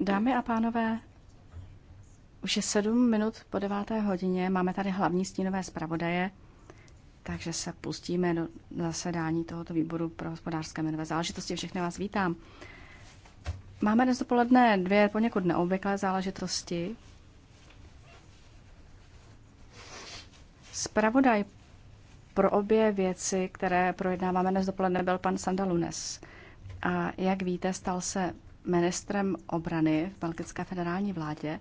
Dámy a pánové, už je sedm minut po deváté hodině, máme tady hlavní stínové zpravodaje, takže se pustíme do zasedání tohoto výboru pro hospodářské měnové záležitosti. Všechny vás vítám. Máme dnes dopoledne dvě poněkud neobvyklé záležitosti. Spravodaj pro obě věci, které projednáváme dnes dopoledne, byl pan Sanda Lunes. A jak víte, stal se ministrem obrany v belgické federální vládě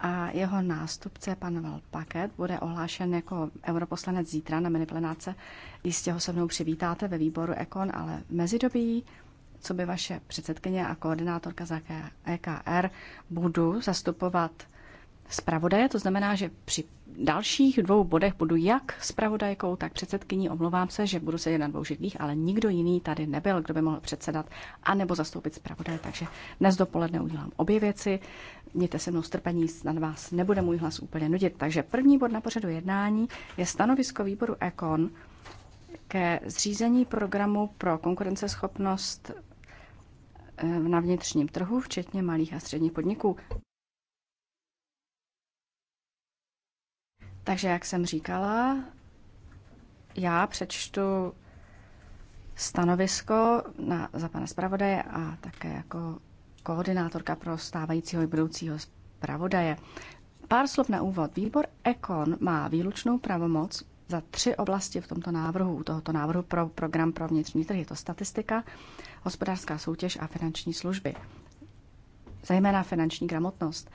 a jeho nástupce, pan Val Paket, bude ohlášen jako europoslanec zítra na miniplenáce. Jistě ho se mnou přivítáte ve výboru Ekon, ale v mezidobí, co by vaše předsedkyně a koordinátorka za EKR, budu zastupovat zpravodaje. To znamená, že při dalších dvou bodech budu jak zpravodajkou, tak předsedkyní. Omlouvám se, že budu sedět na dvou židlích, ale nikdo jiný tady nebyl, kdo by mohl předsedat a nebo zastoupit zpravodaje. Takže dnes dopoledne udělám obě věci. Mějte se mnou strpení, na vás nebude můj hlas úplně nudit. Takže první bod na pořadu jednání je stanovisko výboru EKON ke zřízení programu pro konkurenceschopnost eh, na vnitřním trhu, včetně malých a středních podniků. Takže, jak jsem říkala, já přečtu stanovisko na, za pana zpravodaje a také jako koordinátorka pro stávajícího i budoucího zpravodaje. Pár slov na úvod. Výbor Ekon má výlučnou pravomoc za tři oblasti v tomto návrhu, tohoto návrhu pro program pro vnitřní trh. Je to statistika, hospodářská soutěž a finanční služby. Zajména finanční gramotnost.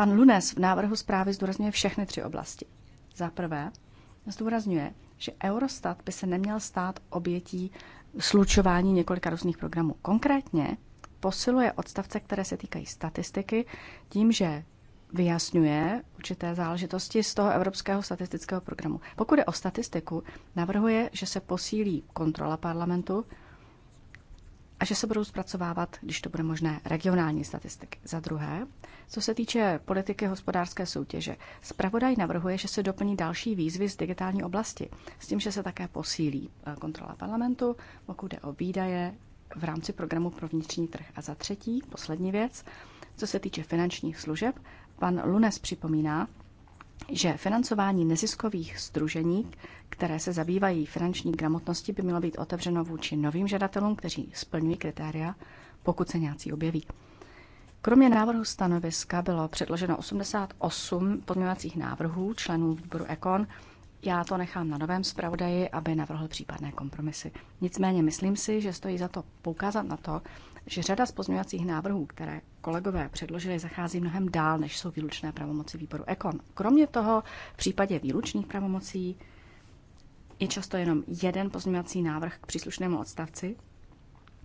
Pan Lunes v návrhu zprávy zdůrazňuje všechny tři oblasti. Za prvé, zdůrazňuje, že Eurostat by se neměl stát obětí slučování několika různých programů. Konkrétně posiluje odstavce, které se týkají statistiky, tím, že vyjasňuje určité záležitosti z toho Evropského statistického programu. Pokud je o statistiku, navrhuje, že se posílí kontrola parlamentu a že se budou zpracovávat, když to bude možné, regionální statistiky. Za druhé, co se týče politiky hospodářské soutěže, zpravodaj navrhuje, že se doplní další výzvy z digitální oblasti, s tím, že se také posílí eh, kontrola parlamentu, pokud jde o výdaje v rámci programu pro vnitřní trh. A za třetí, poslední věc, co se týče finančních služeb, pan Lunes připomíná, že financování neziskových združení, které se zabývají finanční gramotností, by mělo být otevřeno vůči novým žadatelům, kteří splňují kritéria, pokud se nějací objeví. Kromě návrhu stanoviska bylo předloženo 88 podměňovacích návrhů členů výboru EKON. Já to nechám na novém zpravodaji, aby navrhl případné kompromisy. Nicméně myslím si, že stojí za to poukázat na to, že řada z pozměňovacích návrhů, které kolegové předložili, zachází mnohem dál, než jsou výlučné pravomoci výboru EKON. Kromě toho, v případě výlučných pravomocí je často jenom jeden pozměňovací návrh k příslušnému odstavci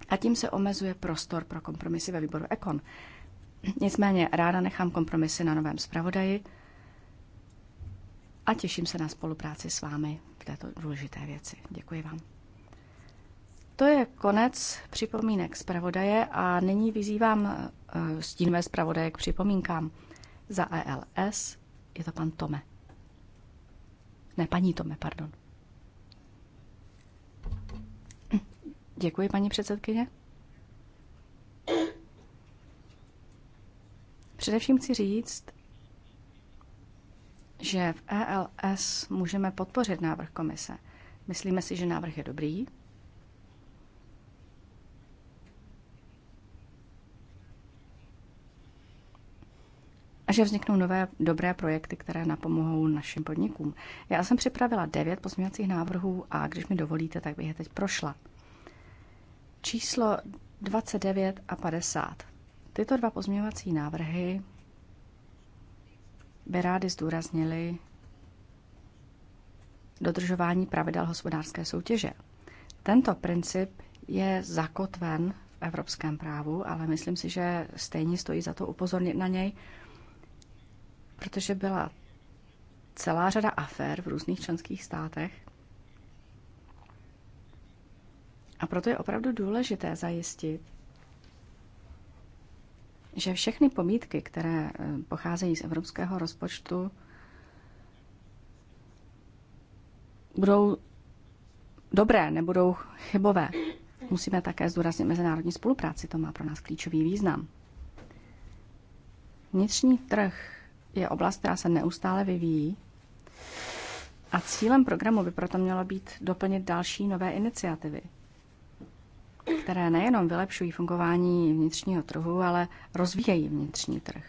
a tím se omezuje prostor pro kompromisy ve výboru EKON. Nicméně ráda nechám kompromisy na novém zpravodaji a těším se na spolupráci s vámi v této důležité věci. Děkuji vám. To je konec připomínek zpravodaje a nyní vyzývám eh, stínové zpravodaje k připomínkám. Za ELS je to pan Tome. Ne, paní Tome, pardon. Děkuji, paní předsedkyně. Především chci říct, že v ELS můžeme podpořit návrh komise. Myslíme si, že návrh je dobrý, že vzniknou nové dobré projekty, které napomohou našim podnikům. Já jsem připravila devět pozměňovacích návrhů a když mi dovolíte, tak bych je teď prošla. Číslo 29 a 50. Tyto dva pozměňovací návrhy by rády zdůraznili dodržování pravidel hospodářské soutěže. Tento princip je zakotven v evropském právu, ale myslím si, že stejně stojí za to upozornit na něj, protože byla celá řada afér v různých členských státech. A proto je opravdu důležité zajistit, že všechny pomítky, které eh, pocházejí z evropského rozpočtu, budou dobré, nebudou chybové. Musíme také zdůraznit mezinárodní spolupráci, to má pro nás klíčový význam. Vnitřní trh je oblast, která se neustále vyvíjí. A cílem programu by proto mělo být doplnit další nové iniciativy, které nejenom vylepšují fungování vnitřního trhu, ale rozvíjejí vnitřní trh.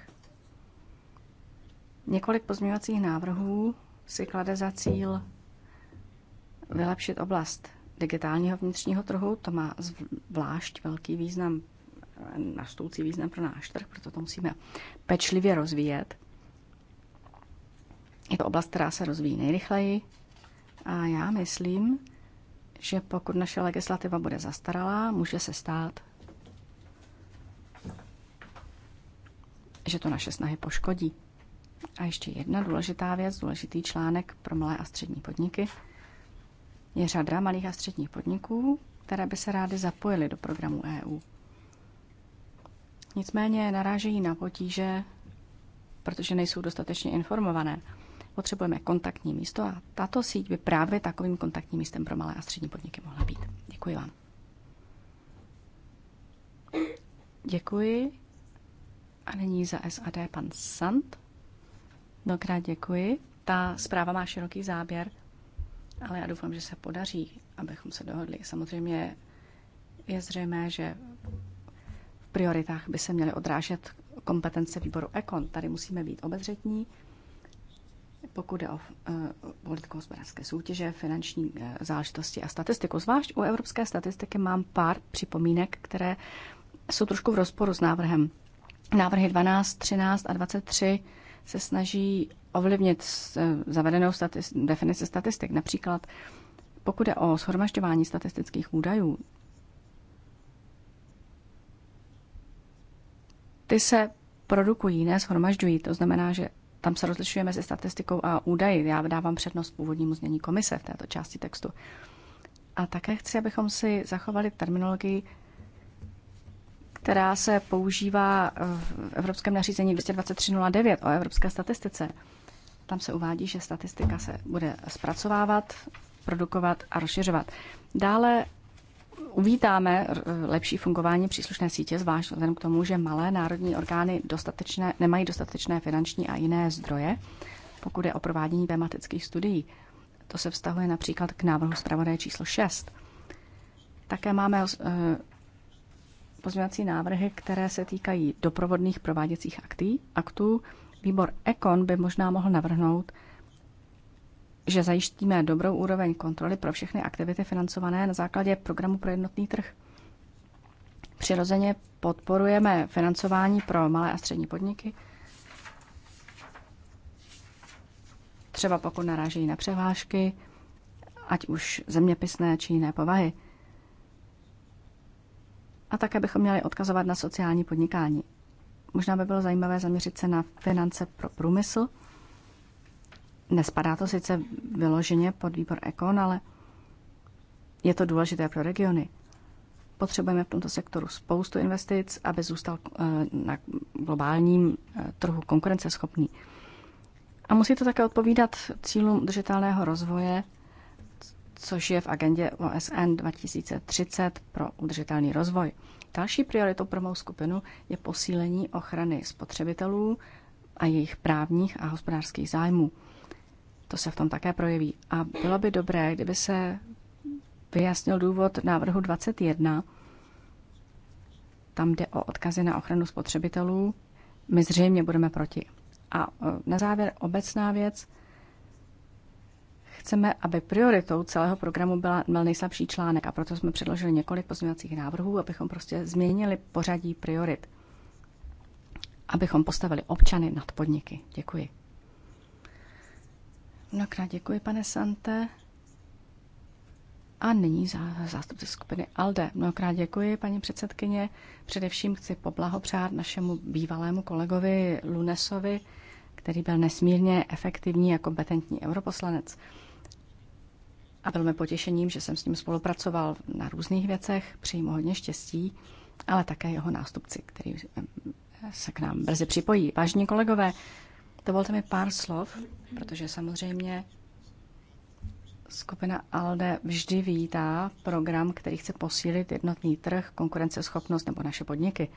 Několik pozměňovacích návrhů si klade za cíl vylepšit oblast digitálního vnitřního trhu. To má zvlášť velký význam, nastoucí význam pro náš trh, proto to musíme pečlivě rozvíjet. Je to oblast, která se rozvíjí nejrychleji a já myslím, že pokud naše legislativa bude zastaralá, může se stát, že to naše snahy poškodí. A ještě jedna důležitá věc, důležitý článek pro malé a střední podniky. Je řada malých a středních podniků, které by se rády zapojily do programu EU. Nicméně narážejí na potíže, protože nejsou dostatečně informované. Potřebujeme kontaktní místo a tato síť by právě takovým kontaktním místem pro malé a střední podniky mohla být. Děkuji vám. Děkuji. A nyní za SAD pan Sant. Mnohokrát děkuji. Ta zpráva má široký záběr, ale já doufám, že se podaří, abychom se dohodli. Samozřejmě je zřejmé, že v prioritách by se měly odrážet kompetence výboru EKON. Tady musíme být obezřetní, pokud jde o eh, politiku hospodářské soutěže, finanční eh, záležitosti a statistiku. Zvlášť u evropské statistiky mám pár připomínek, které jsou trošku v rozporu s návrhem. Návrhy 12, 13 a 23 se snaží ovlivnit eh, zavedenou statis- definici statistik. Například pokud je o shromažďování statistických údajů, ty se produkují, ne shromažďují. To znamená, že tam se rozlišuje mezi statistikou a údaji. Já dávám přednost původnímu znění komise v této části textu. A také chci, abychom si zachovali terminologii, která se používá v evropském nařízení 22309 o evropské statistice. Tam se uvádí, že statistika se bude zpracovávat, produkovat a rozšiřovat. Dále uvítáme eh, lepší fungování příslušné sítě, zvlášť vzhledem k tomu, že malé národní orgány dostatečné, nemají dostatečné finanční a jiné zdroje, pokud je o provádění tematických studií. To se vztahuje například k návrhu zpravodaje číslo 6. Také máme eh, pozměňovací návrhy, které se týkají doprovodných prováděcích aktů. Výbor EKON by možná mohl navrhnout, že zajištíme dobrou úroveň kontroly pro všechny aktivity financované na základě programu pro jednotný trh. Přirozeně podporujeme financování pro malé a střední podniky, třeba pokud narážejí na převážky, ať už zeměpisné či jiné povahy. A také bychom měli odkazovat na sociální podnikání. Možná by bylo zajímavé zaměřit se na finance pro průmysl, Nespadá to sice vyloženě pod výbor Ekon, ale je to důležité pro regiony. Potřebujeme v tomto sektoru spoustu investic, aby zůstal eh, na globálním eh, trhu konkurenceschopný. A musí to také odpovídat cílům udržitelného rozvoje, což je v agendě OSN 2030 pro udržitelný rozvoj. Další prioritou pro mou skupinu je posílení ochrany spotřebitelů a jejich právních a hospodářských zájmů. To se v tom také projeví. A bylo by dobré, kdyby se vyjasnil důvod návrhu 21. Tam jde o odkazy na ochranu spotřebitelů. My zřejmě budeme proti. A e, na závěr obecná věc. Chceme, aby prioritou celého programu byla, byl nejslabší článek a proto jsme předložili několik pozměňovacích návrhů, abychom prostě změnili pořadí priorit. Abychom postavili občany nad podniky. Děkuji. Mnohokrát děkuji, pane Sante. A nyní za zástupce skupiny ALDE. Mnohokrát děkuji, paní předsedkyně. Především chci poblahopřát našemu bývalému kolegovi Lunesovi, který byl nesmírně efektivní jako betentní europoslanec. A byl mi potěšením, že jsem s ním spolupracoval na různých věcech, přeji hodně štěstí, ale také jeho nástupci, který se k nám brzy připojí. Vážení kolegové, Dovolte mi pár slov, protože samozřejmě skupina ALDE vždy vítá program, který chce posílit jednotný trh, konkurenceschopnost nebo naše podniky.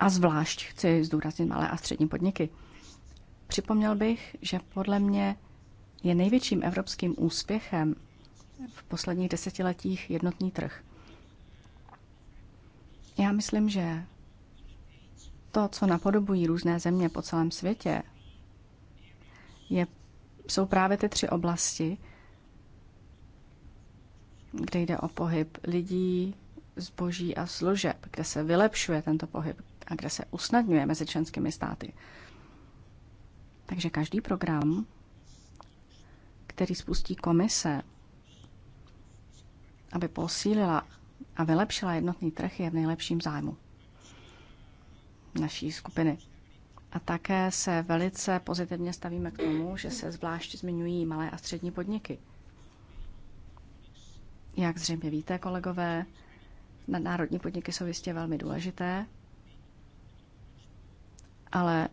A zvlášť chci zdůraznit malé a střední podniky. Připomněl bych, že podle mě je největším evropským úspěchem v posledních desetiletích jednotný trh. Já myslím, že to, co napodobují různé země po celém světě, je, jsou právě ty tři oblasti, kde jde o pohyb lidí, zboží a služeb, kde se vylepšuje tento pohyb a kde se usnadňuje mezi členskými státy. Takže každý program, který spustí komise, aby posílila a vylepšila jednotný trh, je v nejlepším zájmu naší skupiny. A také se velice pozitivně stavíme k tomu, že se zvlášť zmiňují malé a střední podniky. Jak zřejmě víte, kolegové, národní podniky jsou jistě velmi důležité, ale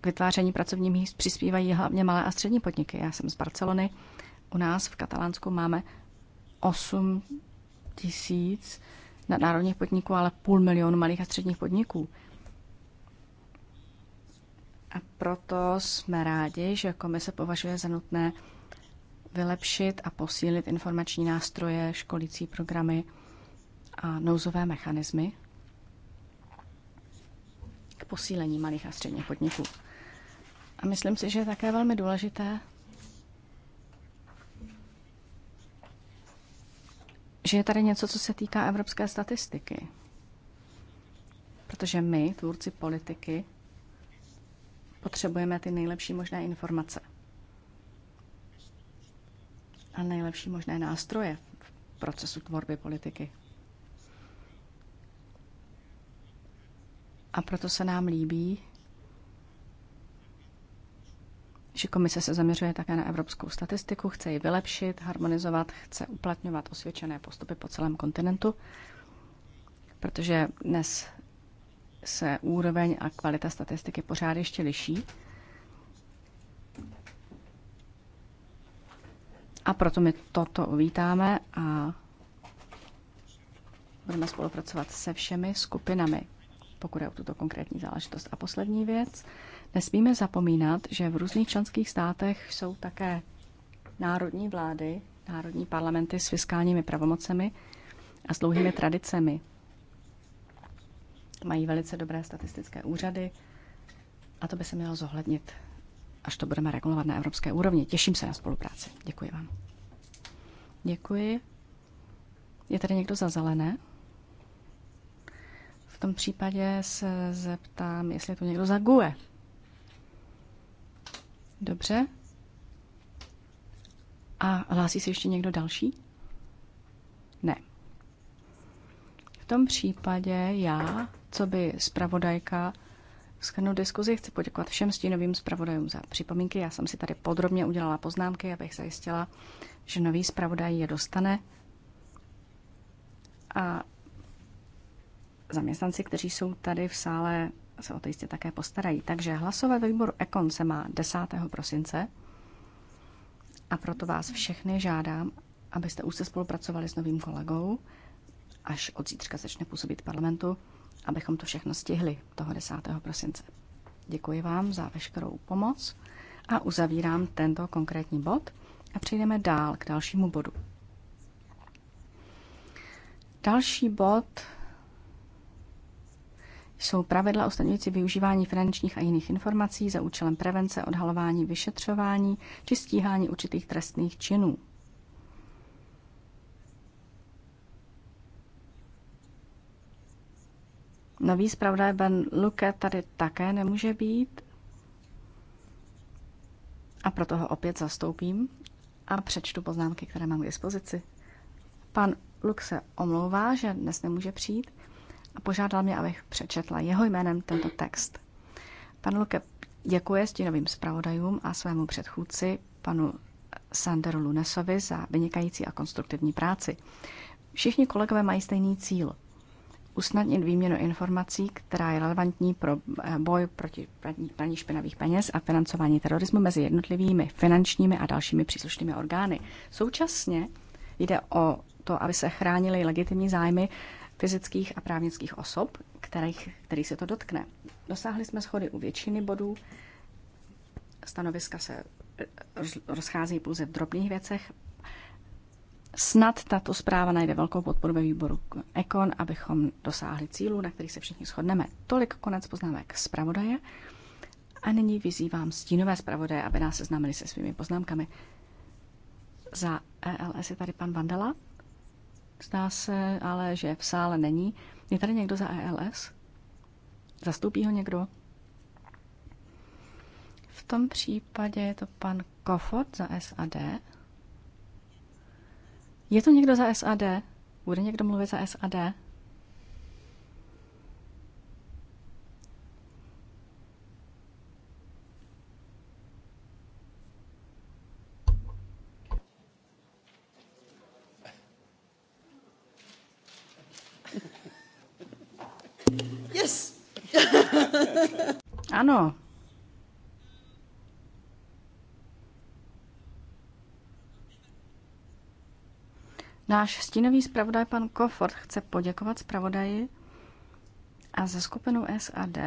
k vytváření pracovních míst přispívají hlavně malé a střední podniky. Já jsem z Barcelony. U nás v Katalánsku máme 8 tisíc nadnárodních podniků, ale půl milionu malých a středních podniků. A proto jsme rádi, že komise považuje za nutné vylepšit a posílit informační nástroje, školící programy a nouzové mechanismy k posílení malých a středních podniků. A myslím si, že je také velmi důležité, že je tady něco, co se týká evropské statistiky. Protože my, tvůrci politiky, Potřebujeme ty nejlepší možné informace a nejlepší možné nástroje v procesu tvorby politiky. A proto se nám líbí, že komise se zaměřuje také na evropskou statistiku, chce ji vylepšit, harmonizovat, chce uplatňovat osvědčené postupy po celém kontinentu, protože dnes se úroveň a kvalita statistiky pořád ještě liší. A proto my toto uvítáme a budeme spolupracovat se všemi skupinami, pokud je o tuto konkrétní záležitost. A poslední věc, nesmíme zapomínat, že v různých členských státech jsou také národní vlády, národní parlamenty s fiskálními pravomocemi a s dlouhými tradicemi mají velice dobré statistické úřady a to by se mělo zohlednit, až to budeme regulovat na evropské úrovni. Těším se na spolupráci. Děkuji vám. Děkuji. Je tady někdo za zelené? V tom případě se zeptám, jestli je tu někdo za GUE. Dobře. A hlásí se ještě někdo další? Ne. V tom případě já co by zpravodajka schrnout diskuzi, chci poděkovat všem stínovým zpravodajům za připomínky. Já jsem si tady podrobně udělala poznámky, abych zajistila, že nový zpravodaj je dostane. A zaměstnanci, kteří jsou tady v sále, se o to jistě také postarají. Takže hlasové ve výboru Ekon se má 10. prosince a proto vás všechny žádám, abyste už se spolupracovali s novým kolegou, až od zítřka začne působit parlamentu, abychom to všechno stihli toho 10. prosince. Děkuji vám za veškerou pomoc a uzavírám tento konkrétní bod a přejdeme dál k dalšímu bodu. Další bod jsou pravidla ostatňující využívání finančních a jiných informací za účelem prevence, odhalování, vyšetřování či stíhání určitých trestných činů. Nový zpravodaj Ben Luke tady také nemůže být a proto ho opět zastoupím a přečtu poznámky, které mám k dispozici. Pan Luk se omlouvá, že dnes nemůže přijít a požádal mě, abych přečetla jeho jménem tento text. Pan Luke děkuje stínovým zpravodajům a svému předchůdci, panu Sanderu Lunesovi, za vynikající a konstruktivní práci. Všichni kolegové mají stejný cíl usnadnit výměnu informací, která je relevantní pro eh, boj proti praní špinavých peněz a financování terorismu mezi jednotlivými finančními a dalšími příslušnými orgány. Současně jde o to, aby se chránily legitimní zájmy fyzických a právnických osob, kterých, který se to dotkne. Dosáhli jsme schody u většiny bodů, stanoviska se eh, rozchází pouze v drobných věcech, Snad tato zpráva najde velkou podporu ve výboru Ekon, abychom dosáhli cílu, na kterých se všichni shodneme. Tolik konec poznámek zpravodaje. A nyní vyzývám stínové zpravodaje, aby nás seznámili se svými poznámkami. Za ELS je tady pan Vandala. Zdá se ale, že v sále není. Je tady někdo za ELS? Zastoupí ho někdo? V tom případě je to pan Kofot za SAD. Je to někdo za SAD? Bude někdo mluvit za SAD? Yes. ano. Náš stínový zpravodaj pan Kofort chce poděkovat zpravodaji a ze skupinu SAD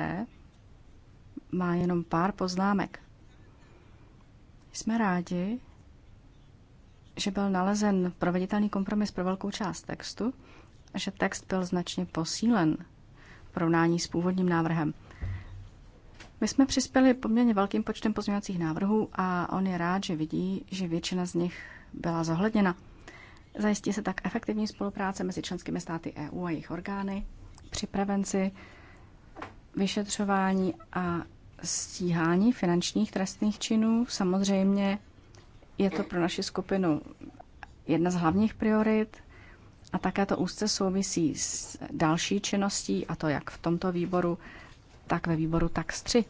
má jenom pár poznámek. Jsme rádi, že byl nalezen proveditelný kompromis pro velkou část textu a že text byl značně posílen v porovnání s původním návrhem. My jsme přispěli poměrně velkým počtem pozměňovacích návrhů a on je rád, že vidí, že většina z nich byla zohledněna. Zajistí se tak efektivní spolupráce mezi členskými státy EU a jejich orgány při prevenci, vyšetřování a stíhání finančních trestných činů. Samozřejmě je to pro naši skupinu jedna z hlavních priorit a také to úzce souvisí s další činností, a to jak v tomto výboru, tak ve výboru tak 3.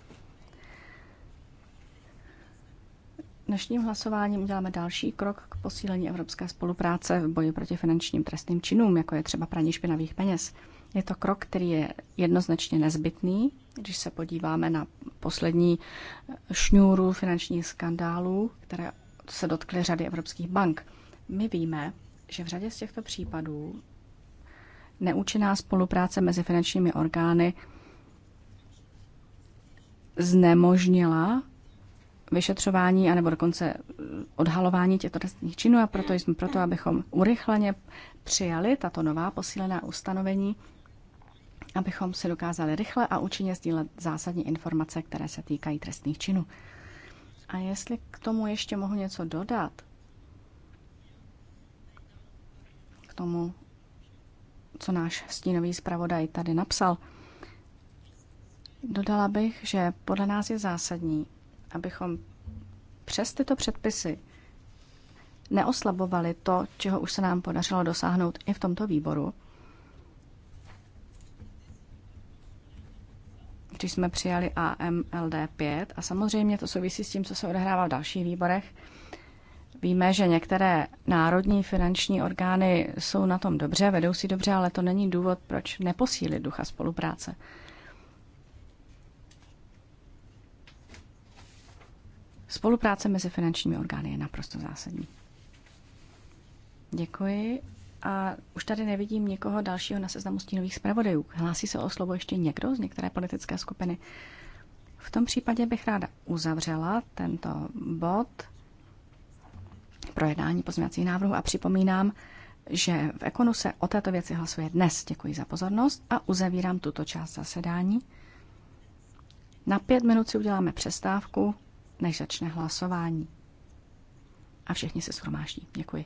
Dnešním hlasováním uděláme další krok k posílení evropské spolupráce v boji proti finančním trestným činům, jako je třeba praní špinavých peněz. Je to krok, který je jednoznačně nezbytný, když se podíváme na poslední šňůru finančních skandálů, které se dotkly řady evropských bank. My víme, že v řadě z těchto případů neúčinná spolupráce mezi finančními orgány znemožnila vyšetřování anebo dokonce eh, odhalování těchto trestných činů a proto jsme proto, abychom urychleně přijali tato nová posílená ustanovení, abychom se dokázali rychle a účinně sdílet zásadní informace, které se týkají trestných činů. A jestli k tomu ještě mohu něco dodat, k tomu, co náš stínový zpravodaj tady napsal, dodala bych, že podle nás je zásadní, abychom přes tyto předpisy neoslabovali to, čeho už se nám podařilo dosáhnout i v tomto výboru, když jsme přijali AMLD5 a samozřejmě to souvisí s tím, co se odehrává v dalších výborech. Víme, že některé národní finanční orgány jsou na tom dobře, vedou si dobře, ale to není důvod, proč neposílit ducha spolupráce. Spolupráce mezi finančními orgány je naprosto zásadní. Děkuji. A už tady nevidím někoho dalšího na seznamu stínových zpravodajů. Hlásí se o slovo ještě někdo z některé politické skupiny? V tom případě bych ráda uzavřela tento bod projednání pozměňovacích návrhů a připomínám, že v Ekonu se o této věci hlasuje dnes. Děkuji za pozornost a uzavírám tuto část zasedání. Na pět minut si uděláme přestávku než začne hlasování. A všichni se shromáždí. Děkuji.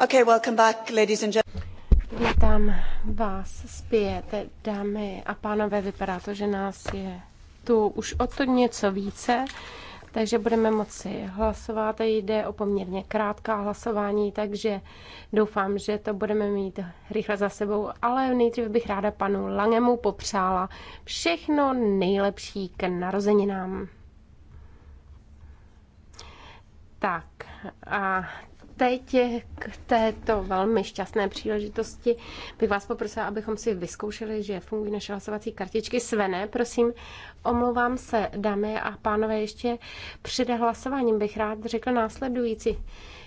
Okay, welcome back, ladies and gentlemen. Vítám vás zpět, dámy a pánové. Vypadá to, že nás je tu už o to něco více, takže budeme moci hlasovat. Jde o poměrně krátká hlasování, takže doufám, že to budeme mít rychle za sebou. Ale nejdřív bych ráda panu Langemu popřála všechno nejlepší k narozeninám. Tak a teď k této velmi šťastné příležitosti bych vás poprosila, abychom si vyzkoušeli, že fungují naše hlasovací kartičky. Svené, prosím, omlouvám se, dámy a pánové, ještě před hlasováním bych rád řekl následující.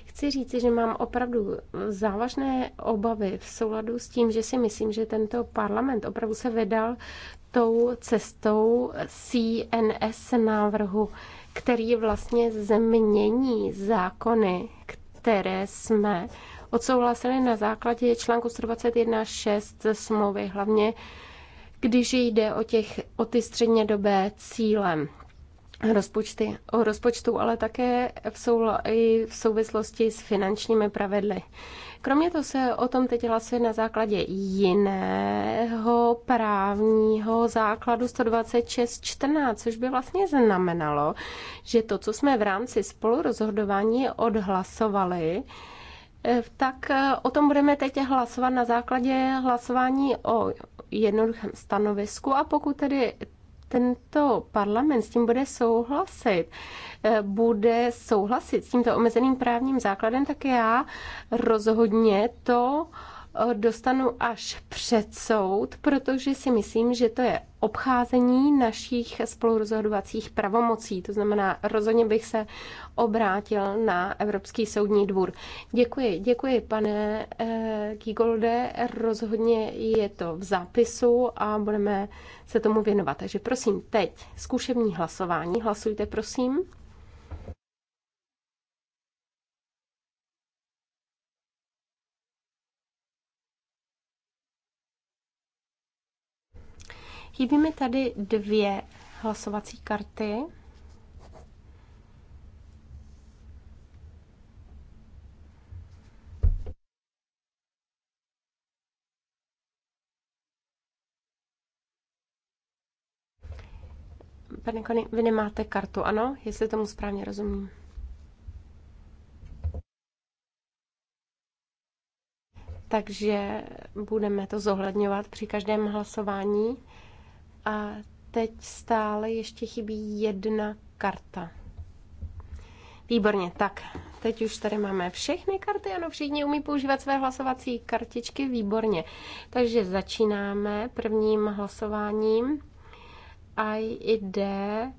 Chci říci, že mám opravdu závažné obavy v souladu s tím, že si myslím, že tento parlament opravdu se vydal tou cestou CNS návrhu, který vlastně změní zákony, které jsme odsouhlasili na základě článku 121.6 smlouvy, hlavně když jde o, těch, o ty střednědobé cíle rozpočty, o rozpočtu, ale také v, soul, i v souvislosti s finančními pravidly. Kromě toho se o tom teď hlasuje na základě jiného právního základu 126.14, což by vlastně znamenalo, že to, co jsme v rámci spolurozhodování odhlasovali, eh, tak eh, o tom budeme teď hlasovat na základě hlasování o jednoduchém stanovisku a pokud tedy tento parlament s tím bude souhlasit, eh, bude souhlasit s tímto omezeným právním základem, tak já rozhodně to eh, dostanu až před soud, protože si myslím, že to je obcházení našich spolurozhodovacích pravomocí. To znamená, rozhodně bych se obrátil na Evropský soudní dvůr. Děkuji, děkuji, pane Kigolde. Eh, rozhodně je to v zápisu a budeme se tomu věnovat. Takže prosím, teď zkušební hlasování. Hlasujte, prosím. Chybí mi tady dvě hlasovací karty. Pane Kony, vy nemáte kartu, ano? Jestli tomu správně rozumím. Takže budeme to zohledňovat při každém hlasování. A teď stále ještě chybí jedna karta. Výborně, tak teď už tady máme všechny karty, ano, všichni umí používat své hlasovací kartičky, výborně. Takže začínáme prvním hlasováním a jde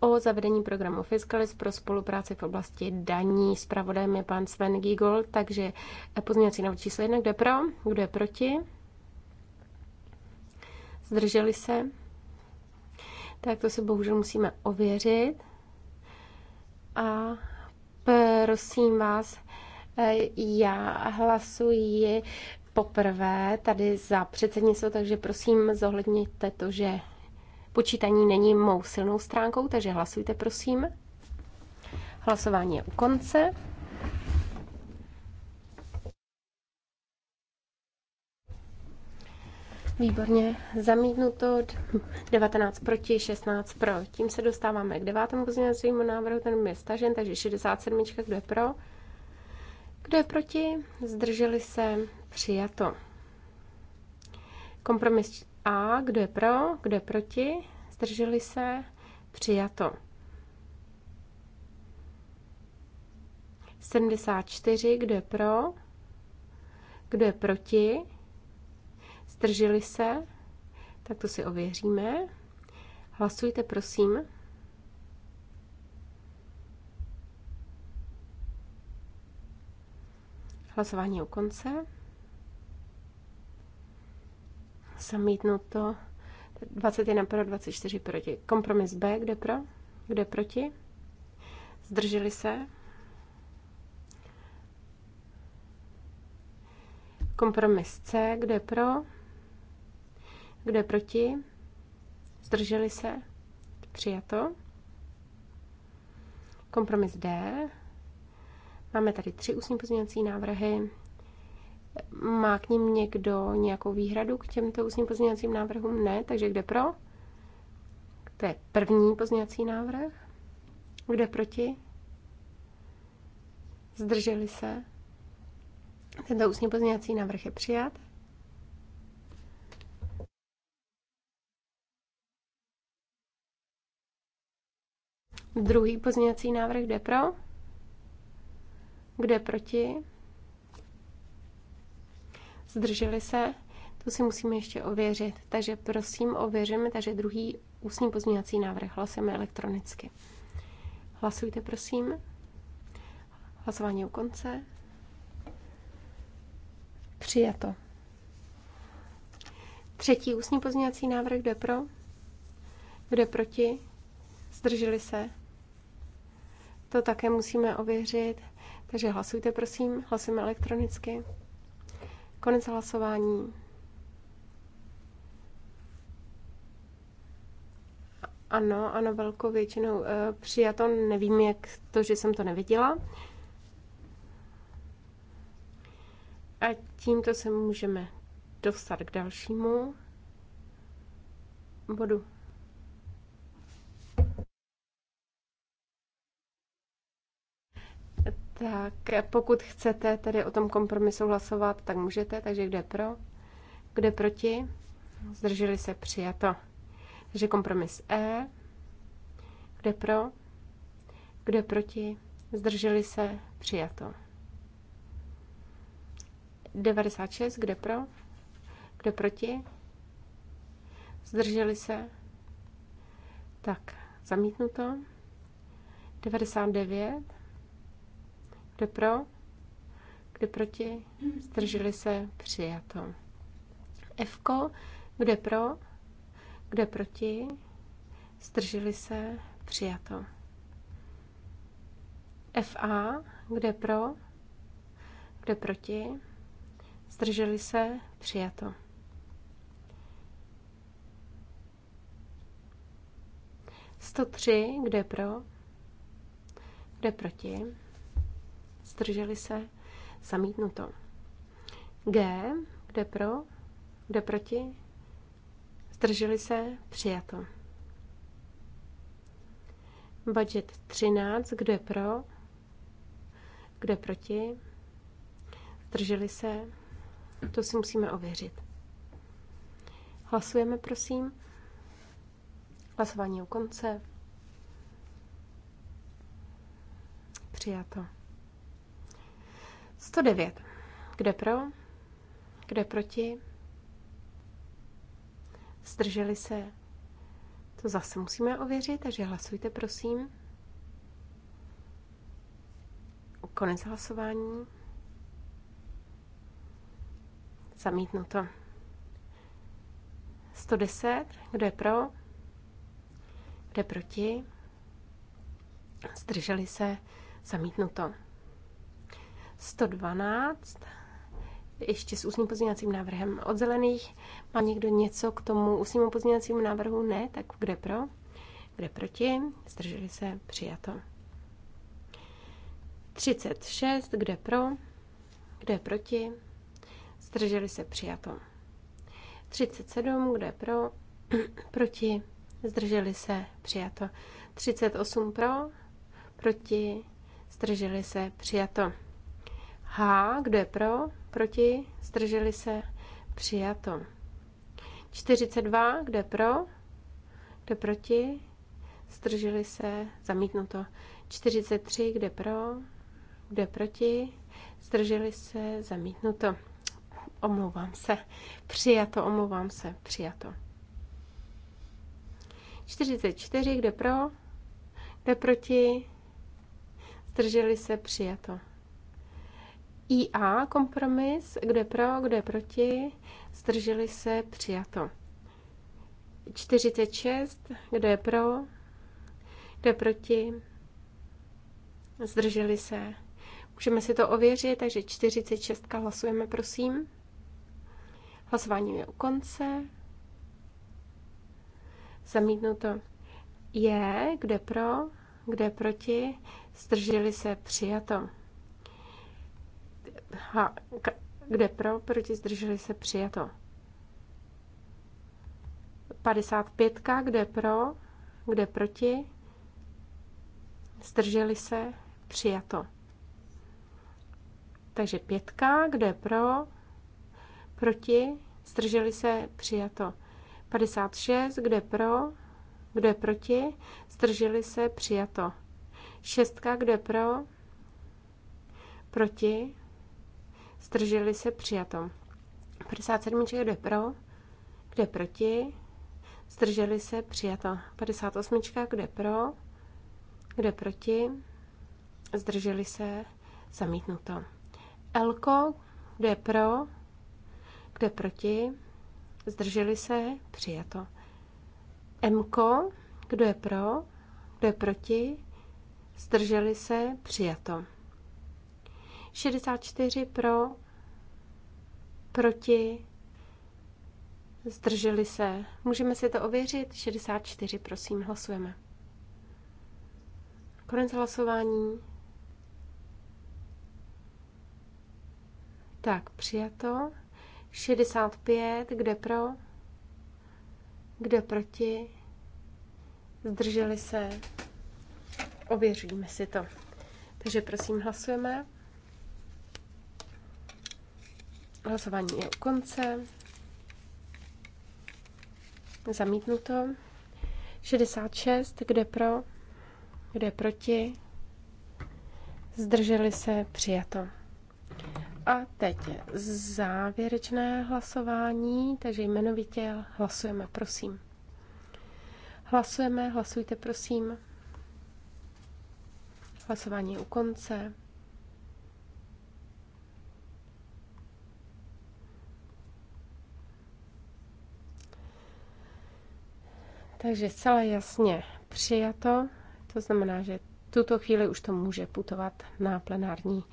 o zavedení programu Fiscalis pro spolupráci v oblasti daní. Spravodajem je pan Sven Giegel, takže pozměňovací návrh číslo jedna, kdo je pro, kdo je proti. Zdrželi se? tak to se bohužel musíme ověřit. A prosím vás, eh, já hlasuji poprvé tady za předsednictvo, takže prosím zohledněte to, že počítání není mou silnou stránkou, takže hlasujte prosím. Hlasování je u konce. Výborně. Zamítnuto 19 proti, 16 pro. Tím se dostáváme k devátému pozměňovacímu návrhu, ten je stažen, takže 67. Kdo je pro? Kdo je proti? Zdrželi se přijato. Kompromis A. Kdo je pro? Kdo je proti? Zdrželi se přijato. 74. Kdo je pro? Kdo je proti? Zdrželi se? Tak to si ověříme. Hlasujte, prosím. Hlasování u konce. to. 21 pro, 24 proti. Kompromis B, kde pro? Kde proti? Zdrželi se? Kompromis C, kde pro? Kdo je proti? Zdrželi se? Přijato. Kompromis D. Máme tady tři ústní pozměňovací návrhy. Má k ním někdo nějakou výhradu k těmto ústním pozměňovacím návrhům? Ne, takže kde pro? To je první pozměňovací návrh. Kde proti? Zdrželi se? Tento ústní pozměňovací návrh je přijat. Druhý pozměňovací návrh, jde pro? Kde proti? Zdrželi se? To si musíme ještě ověřit. Takže prosím, ověříme. Takže druhý ústní pozměňovací návrh. Hlasujeme elektronicky. Hlasujte, prosím. Hlasování u konce. Přijato. Třetí ústní pozměňovací návrh. Kdo pro? Kde proti? Zdrželi se? To také musíme ověřit. Takže hlasujte, prosím. Hlasujeme elektronicky. Konec hlasování. Ano, ano, velkou většinou e, přijato. Nevím, jak to, že jsem to neviděla. A tímto se můžeme dostat k dalšímu bodu Tak pokud chcete tedy o tom kompromisu hlasovat, tak můžete. Takže kde pro? Kde proti? Zdrželi se přijato. Takže kompromis E. Kde pro? Kde proti? Zdrželi se přijato. 96. Kde pro? Kde proti? Zdrželi se? Tak, zamítnuto. 99. Kde pro? Kde proti? Zdrželi se? Přijato. F. Kde pro? Kde proti? Zdrželi se? Přijato. A Kde pro? Kde proti? Zdrželi se? Přijato. Sto tři, kde pro, kde proti zdrželi se, zamítnuto. G, kde pro, kde proti, zdrželi se, přijato. Budget 13, kde pro, kde proti, zdrželi se, to si musíme ověřit. Hlasujeme, prosím. Hlasování u konce. Přijato. 109. Kde pro? Kde proti? Zdrželi se? To zase musíme ověřit, takže hlasujte, prosím. Konec hlasování. Zamítnuto. 110. Kdo je pro? Kdo je proti? Zdrželi se? Zamítnuto. 112, ještě s ústním pozměňovacím návrhem od zelených. Má někdo něco k tomu ústnímu pozměňovacímu návrhu? Ne, tak kde pro? Kde proti? Zdrželi se, přijato. 36, kde pro? Kde proti? Zdrželi se, přijato. 37, kde pro? proti? Zdrželi se, přijato. 38 pro? Proti? Zdrželi se, přijato. H, kdo je pro, proti, zdrželi se, přijato. 42, kdo je pro, kdo je proti, zdrželi se, zamítnuto. 43, kde pro, kde proti, zdrželi se, zamítnuto. Omlouvám se, přijato, omlouvám se, přijato. 44, kde pro, kde proti, zdrželi se, přijato. IA kompromis, kdo je pro, kdo je proti, zdrželi se, přijato. 46, kdo je pro, kdo je proti, zdrželi se. Můžeme si to ověřit, takže 46 hlasujeme, prosím. Hlasování je u konce. Zamítnuto je, kde pro, kde proti, zdrželi se, přijato k- kde pro, proti, zdrželi se, přijato. 55, kde pro, kde proti, zdrželi se, přijato. Takže pětka, kde pro, proti, zdrželi se, přijato. 56, kde pro, kde proti, zdrželi se, přijato. Šestka, kde pro, proti, zdrželi se přijato. 57. Kdo pro? kde proti? Zdrželi se přijato. 58. kde pro? kde proti? Zdrželi se zamítnuto. Elko, kde pro? kde proti? Zdrželi se přijato. Mko, kdo je pro? Kdo je proti? Zdrželi se přijato. 64 pro, proti, zdrželi se. Můžeme si to ověřit? 64, prosím, hlasujeme. Konec hlasování. Tak, přijato. 65, kde pro? Kde proti? Zdrželi se. Ověříme si to. Takže prosím, hlasujeme. Hlasování je u konce. Zamítnuto. 66, kde pro, kde proti. Zdrželi se, přijato. A teď závěrečné hlasování, takže jmenovitě hlasujeme, prosím. Hlasujeme, hlasujte, prosím. Hlasování je u konce. Takže zcela jasně přijato, to znamená, že tuto chvíli už to může putovat na plenární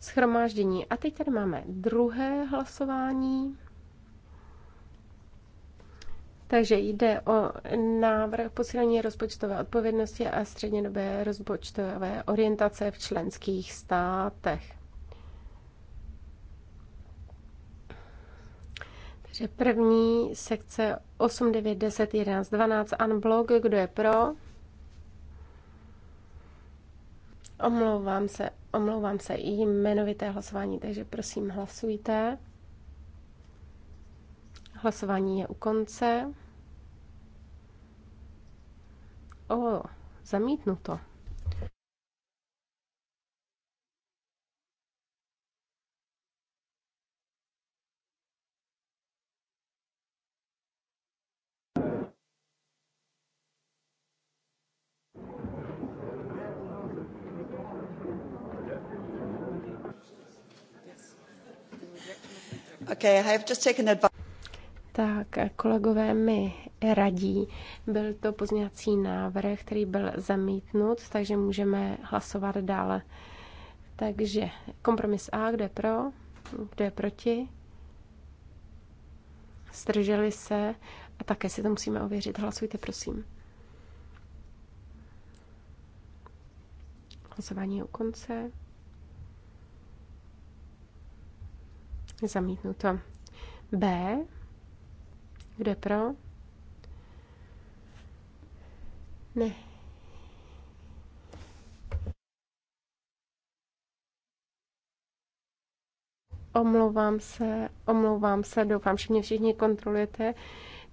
schromáždění. A teď tady máme druhé hlasování. Takže jde o návrh posílení rozpočtové odpovědnosti a střednědobé rozpočtové orientace v členských státech. Takže první sekce 8, 9, 10, 11, 12 unblock, kdo je pro? Omlouvám se, omlouvám se i jmenovité hlasování, takže prosím hlasujte. Hlasování je u konce. O, zamítnuto. Okay, I have just taken Tak, kolegové mi radí. Byl to pozměňovací návrh, který byl zamítnut, takže můžeme hlasovat dále. Takže kompromis A, kde pro, kde proti. Zdrželi se a také si to musíme ověřit. Hlasujte, prosím. Hlasování je u konce. Zamítnuto. B. Kdo je pro? Ne. Omlouvám se, omlouvám se, doufám, že mě všichni kontrolujete.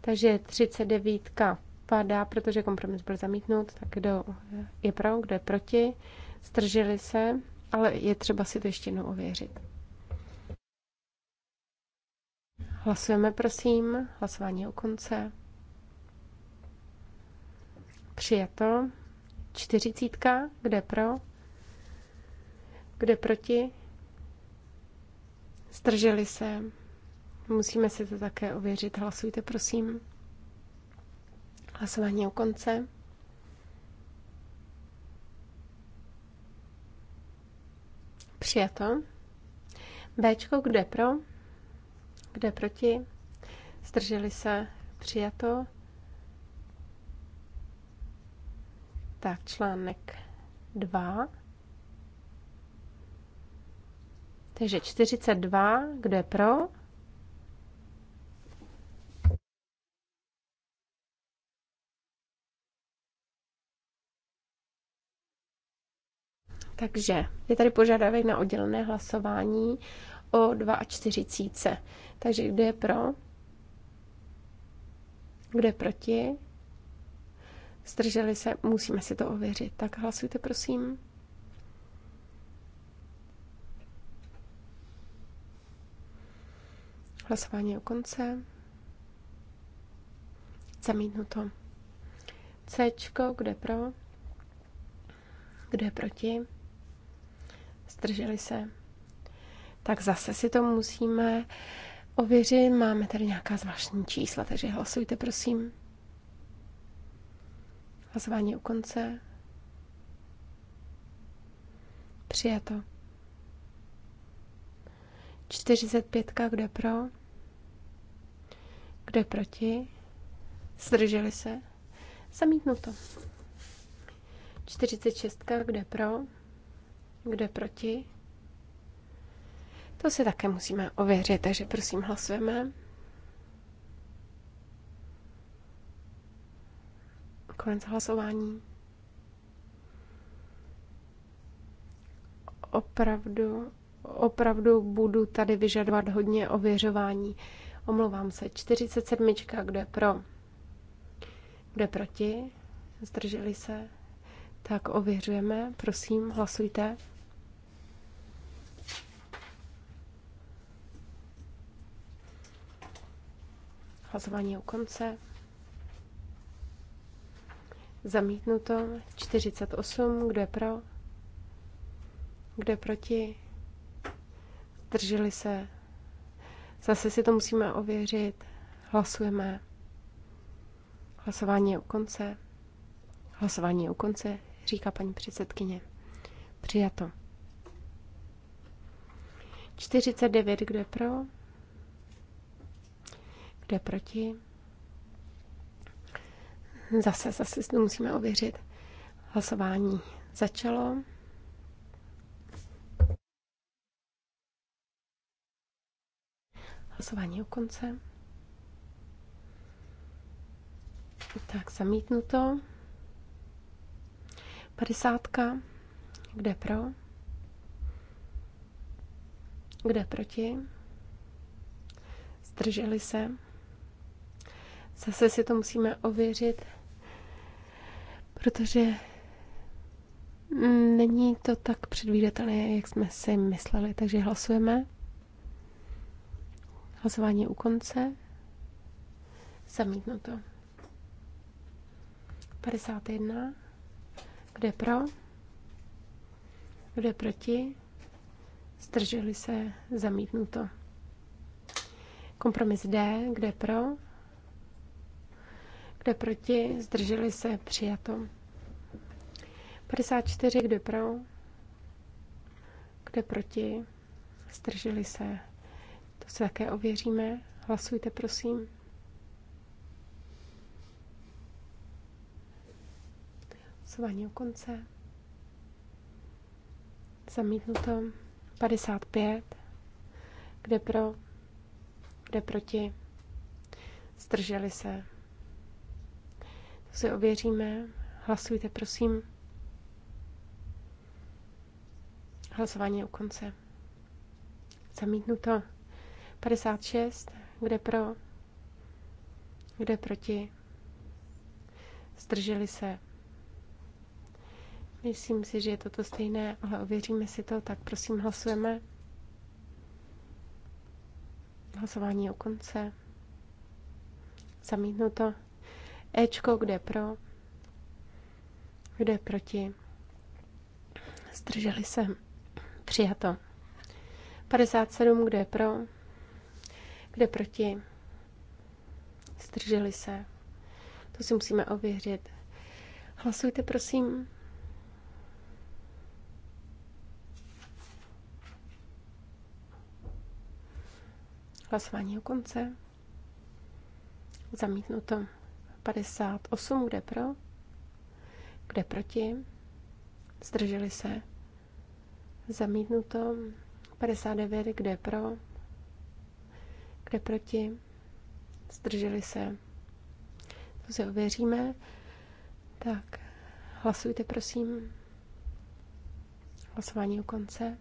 Takže 39 padá, protože kompromis byl zamítnut. Tak kdo je pro, kdo je proti? Zdrželi se, ale je třeba si to ještě jednou ověřit. Hlasujeme, prosím. Hlasování je u konce. Přijato. Čtyřicítka. Kde pro? Kde proti? Strželi se. Musíme si to také ověřit. Hlasujte, prosím. Hlasování je u konce. Přijato. Bčko, kde pro? kde proti? Zdrželi se? Přijato. Tak, článek 2. Takže 42, kde pro? Takže je tady požadavek na oddělené hlasování o 42. Takže kdo je pro? Kdo je proti? Zdrželi se? Musíme si to ověřit. Tak hlasujte, prosím. Hlasování je u konce. Zamítnuto. C, kde pro? Kde proti? Zdrželi se? tak zase si to musíme ověřit. Máme tady nějaká zvláštní čísla, takže hlasujte, prosím. Hlasování u konce. Přijato. 45. Kdo je pro? Kdo je proti? Zdrželi se? Zamítnuto. 46. Kdo je pro? Kdo je proti? To si také musíme ověřit, takže prosím hlasujeme. Konec hlasování. Opravdu, opravdu budu tady vyžadovat hodně ověřování. Omlouvám se, 47. Kdo je pro? Kdo je proti? Zdrželi se? Tak ověřujeme, prosím, hlasujte. Hlasování u konce. Zamítnuto 48. Kdo je pro? Kdo je proti? Drželi se. Zase si to musíme ověřit. Hlasujeme. Hlasování je u konce. Hlasování je u konce, říká paní předsedkyně. Přijato. 49, kdo je pro? kde proti? Zase, zase si to musíme ověřit. Hlasování začalo. Hlasování u konce. Tak, zamítnuto. 50. Kde pro? Kde proti? Zdrželi se? Zase si to musíme ověřit, protože není to tak předvídatelné, jak jsme si mysleli. Takže hlasujeme. Hlasování u konce. Zamítnuto. 51. Kde pro? Kde proti? Zdrželi se zamítnuto. Kompromis D, kde pro? Kdo proti? Zdrželi se? Přijato. 54. Kdo pro? Kdo proti? Zdrželi se? To se také ověříme. Hlasujte, prosím. Hlasování u konce. Zamítnuto. 55. Kde pro? Kde proti? Zdrželi se si ověříme. Hlasujte, prosím. Hlasování je u konce. Zamítnuto. 56. Kde pro? Kde proti? Zdrželi se. Myslím si, že je toto stejné, ale ověříme si to, tak prosím hlasujeme. Hlasování je u konce. Zamítnuto. Ečko, kde pro, kde proti. Zdrželi se. Přijato. 57, kde pro, kde proti. Zdrželi se. To si musíme ověřit. Hlasujte, prosím. Hlasování u konce. Zamítnuto. 58, kde pro, kde proti, zdrželi se, zamítnuto, 59, kde pro, kde proti, zdrželi se. To se ověříme. Tak, hlasujte prosím. Hlasování u konce.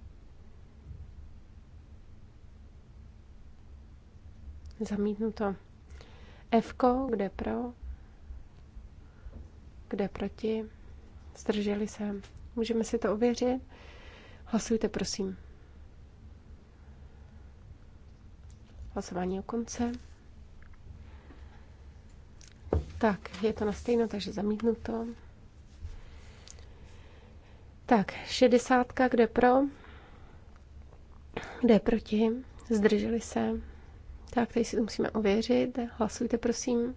Zamítnuto. F, kde pro, kde proti, zdrželi se. Můžeme si to ověřit. Hlasujte, prosím. Hlasování o konce. Tak, je to na stejno, takže zamítnuto. to. Tak, šedesátka, kde pro, kde proti, zdrželi se. Tak, tady si to musíme ověřit. Hlasujte, prosím.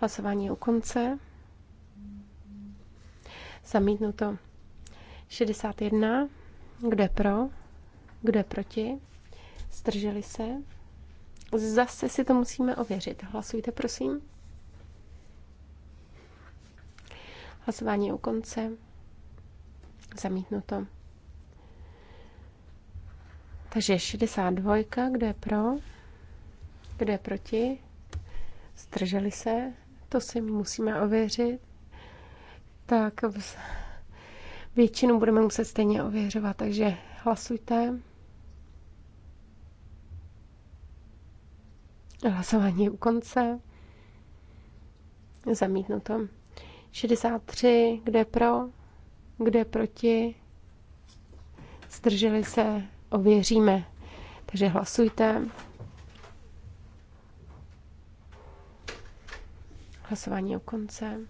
Hlasování u konce. Zamítnuto. 61. Kdo je pro? Kdo je proti? Zdrželi se? Zase si to musíme ověřit. Hlasujte, prosím. Hlasování u konce. Zamítnuto. Takže 62, kdo je pro, kdo je proti, zdrželi se, to si musíme ověřit, tak většinu budeme muset stejně ověřovat, takže hlasujte. Hlasování u konce. Zamítnuto. 63, kde pro, kde proti, zdrželi se, ověříme. Takže hlasujte. Hlasování u konce.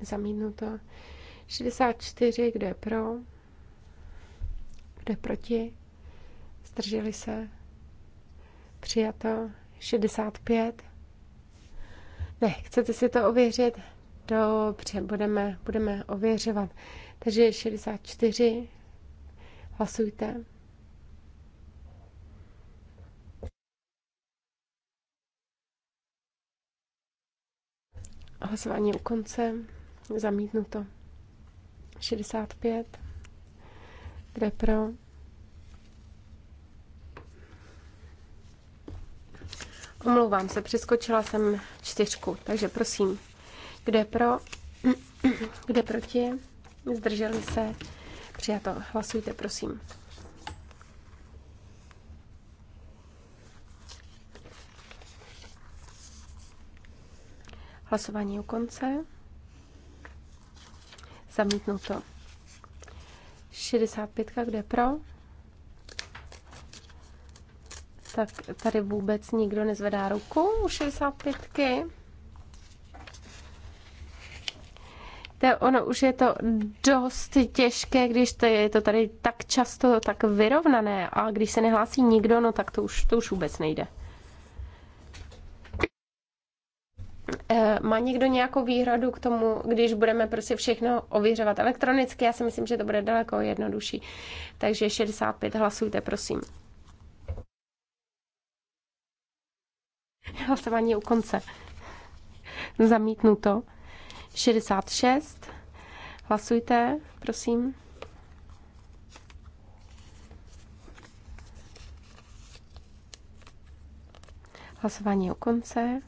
Zamítnuto. 64, kdo je pro? Kdo je proti? Zdrželi se? Přijato. 65. Ne, chcete si to ověřit? Dobře, budeme, budeme ověřovat. Takže 64. Hlasujte. Hlasování u konce. Zamítnuto. 65. Kde pro? Omlouvám se, přeskočila jsem čtyřku, takže prosím. Kde pro? Kde proti? Zdrželi se? Přijato. Hlasujte, prosím. Hlasování u konce. Zamítnuto. 65, kde pro? Tak tady vůbec nikdo nezvedá ruku u 65. -ky. To ono už je to dost těžké, když to je to tady tak často tak vyrovnané a když se nehlásí nikdo, no tak to už, to už vůbec nejde. Eh, má někdo nějakou výhradu k tomu, když budeme prostě všechno ověřovat elektronicky? Já si myslím, že to bude daleko jednodušší. Takže 65 hlasujte, prosím. Hlasování je u konce. Zamítnuto. 66. Hlasujte, prosím. Hlasování je u konce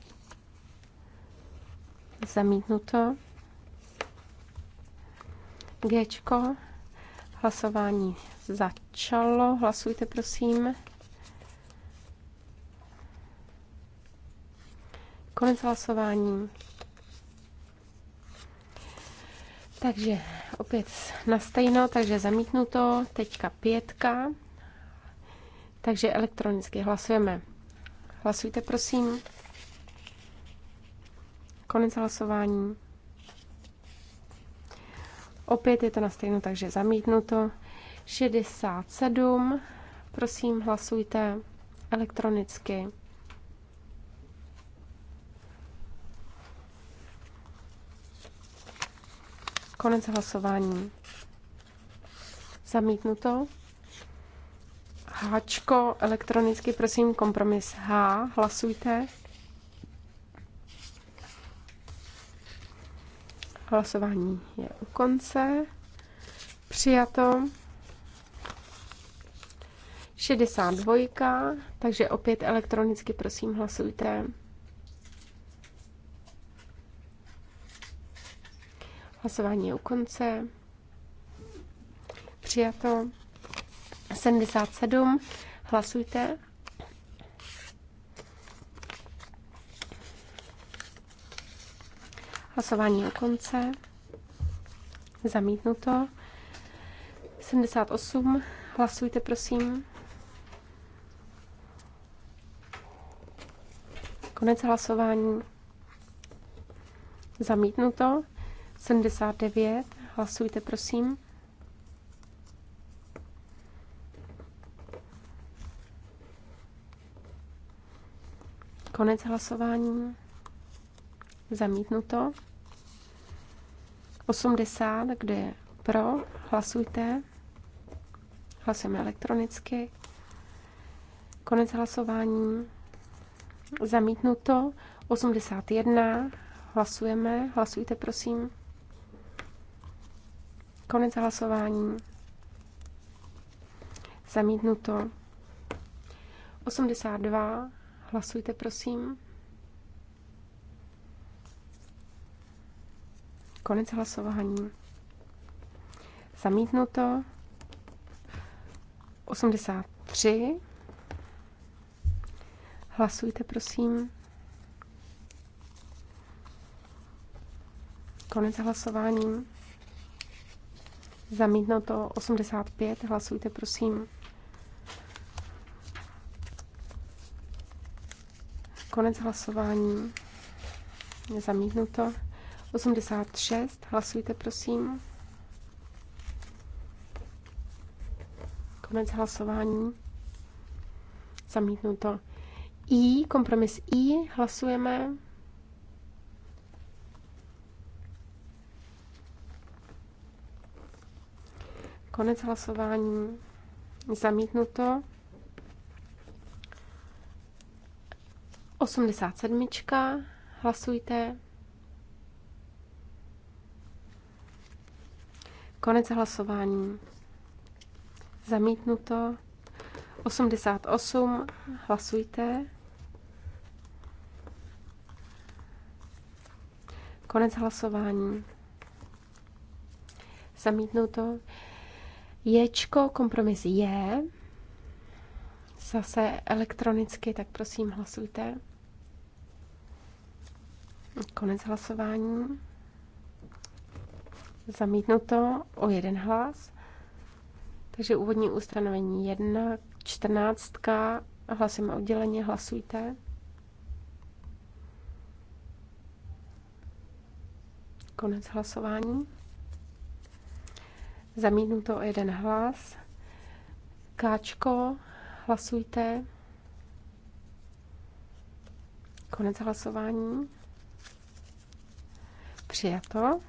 zamítnuto. G. Hlasování začalo. Hlasujte, prosím. Konec hlasování. Takže opět na stejno, takže zamítnuto, teďka pětka. Takže elektronicky hlasujeme. Hlasujte, prosím. Konec hlasování. Opět je to na stejno, takže zamítnuto. 67. Prosím, hlasujte elektronicky. Konec hlasování. Zamítnuto. Háčko elektronicky, prosím, kompromis H. Hlasujte. Hlasování je u konce. Přijato. 62, takže opět elektronicky prosím hlasujte. Hlasování je u konce. Přijato. 77, hlasujte. Hlasování u konce. Zamítnuto. 78. Hlasujte, prosím. Konec hlasování. Zamítnuto. 79. Hlasujte, prosím. Konec hlasování. Zamítnuto. 80, kde je pro, hlasujte. Hlasujeme elektronicky. Konec hlasování. Zamítnuto. 81. Hlasujeme. Hlasujte, prosím. Konec hlasování. Zamítnuto. 82. Hlasujte, prosím. Konec hlasování. Zamítnuto. 83. Hlasujte, prosím. Konec hlasování. Zamítnuto 85. Hlasujte, prosím. Konec hlasování. Zamítnuto. 86. Hlasujte, prosím. Konec hlasování. Zamítnuto. I, kompromis I, hlasujeme. Konec hlasování. Zamítnuto. 87. Hlasujte. Konec hlasování. Zamítnuto. 88. Hlasujte. Konec hlasování. Zamítnuto. Ječko, kompromis je. Zase elektronicky, tak prosím hlasujte. Konec hlasování zamítnuto o jeden hlas. Takže úvodní ustanovení 1, 14. Hlasujeme odděleně, hlasujte. Konec hlasování. Zamítnuto o jeden hlas. Káčko, hlasujte. Konec hlasování. Přijato.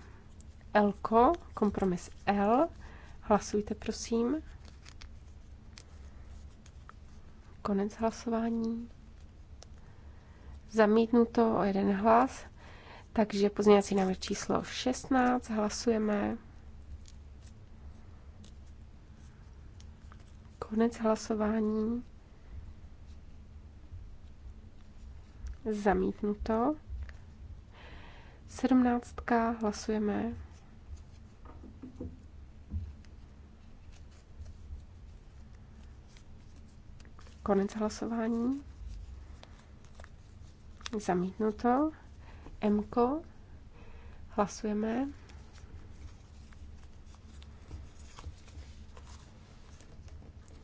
L, kompromis L. Hlasujte, prosím. Konec hlasování. Zamítnuto o jeden hlas. Takže pozměňovací návrh číslo 16. Hlasujeme. Konec hlasování. Zamítnuto. Sedmnáctka. Hlasujeme. Konec hlasování. Zamítnuto. Mko. Hlasujeme.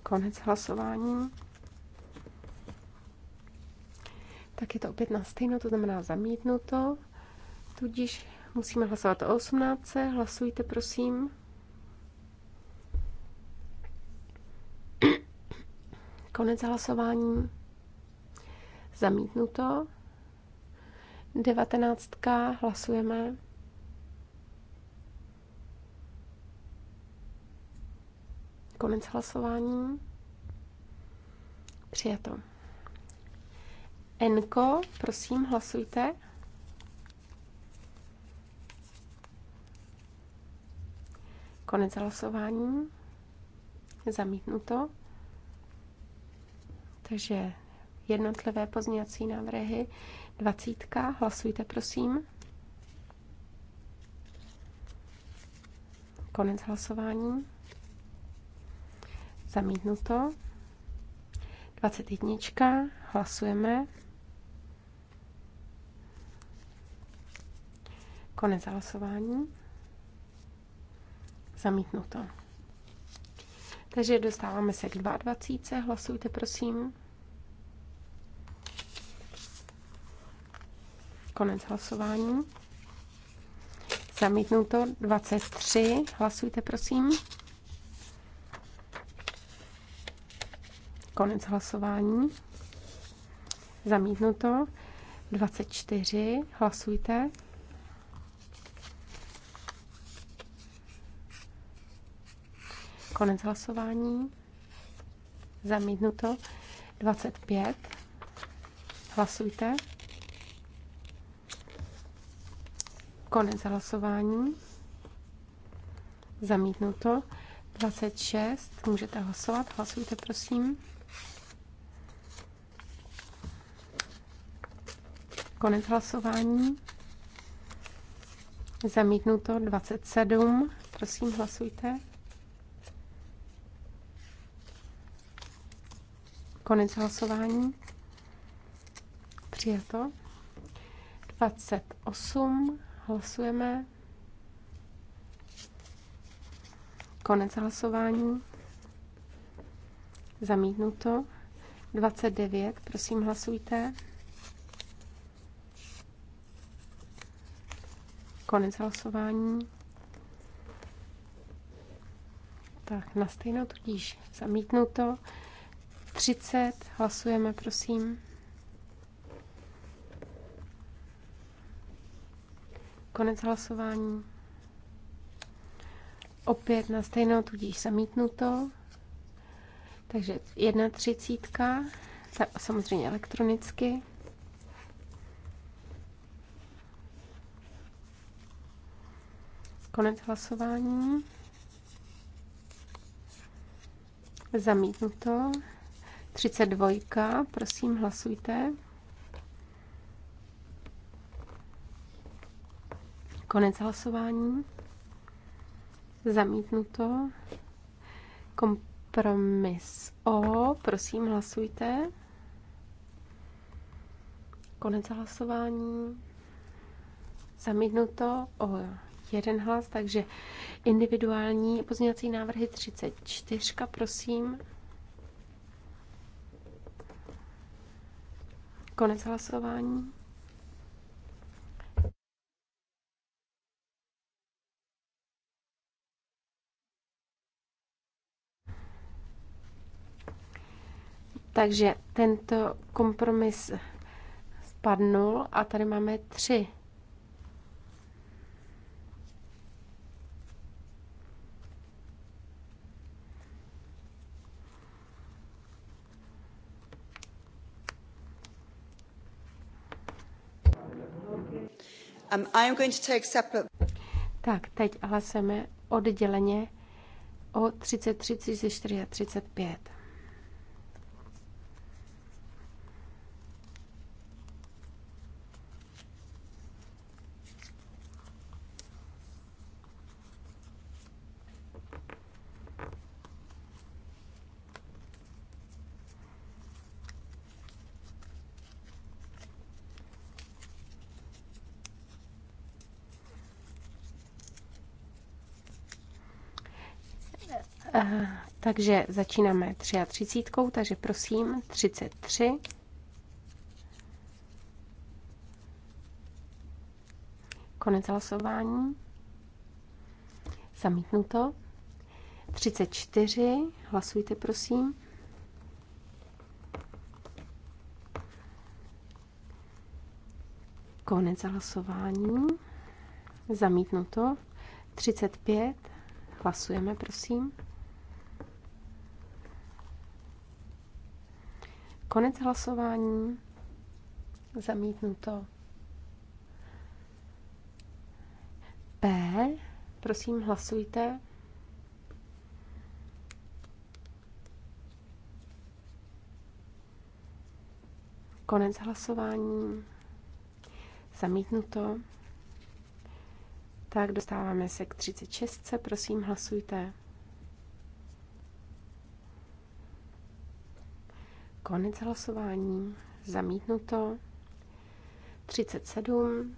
Konec hlasování. Tak je to opět na stejno, to znamená zamítnuto. Tudíž musíme hlasovat o 18. Hlasujte, prosím. Konec hlasování. Zamítnuto. Devatenáctka. Hlasujeme. Konec hlasování. Přijato. Enko, prosím, hlasujte. Konec hlasování. Zamítnuto. Takže jednotlivé pozměňovací návrhy. Dvacítka, hlasujte prosím. Konec hlasování. Zamítnuto. 21. Hlasujeme. Konec hlasování. Zamítnuto. Takže dostáváme se k 22. Hlasujte, prosím. Konec hlasování. Zamítnuto 23. Hlasujte, prosím. Konec hlasování. Zamítnuto 24. Hlasujte. Konec hlasování. Zamítnuto. 25. Hlasujte. Konec hlasování. Zamítnuto. 26. Můžete hlasovat. Hlasujte, prosím. Konec hlasování. Zamítnuto 27. Prosím, hlasujte. Konec hlasování. Přijato. 28. Hlasujeme. Konec hlasování. Zamítnuto. 29. Prosím, hlasujte. Konec hlasování. Tak, na stejno tudíž zamítnuto. 30. Hlasujeme, prosím. Konec hlasování. Opět na stejnou, tudíž zamítnuto. Takže jedna třicítka, samozřejmě elektronicky. Konec hlasování. Zamítnuto. 32, prosím, hlasujte. Konec hlasování. Zamítnuto. Kompromis O, prosím, hlasujte. Konec hlasování. Zamítnuto o jeden hlas, takže individuální pozměňovací návrhy 34, prosím. Konec hlasování. Takže tento kompromis spadnul a tady máme tři Um, tak, teď hlasujeme odděleně o 33, 34 a 35. Takže začínáme 33, takže prosím 33. Konec hlasování. Zamítnuto. 34. Hlasujte, prosím. Konec hlasování. Zamítnuto. 35. Hlasujeme, prosím. Konec hlasování. Zamítnuto. P. Prosím, hlasujte. Konec hlasování. Zamítnuto. Tak dostáváme se k 36. Prosím, hlasujte. Konec hlasování. Zamítnuto. 37.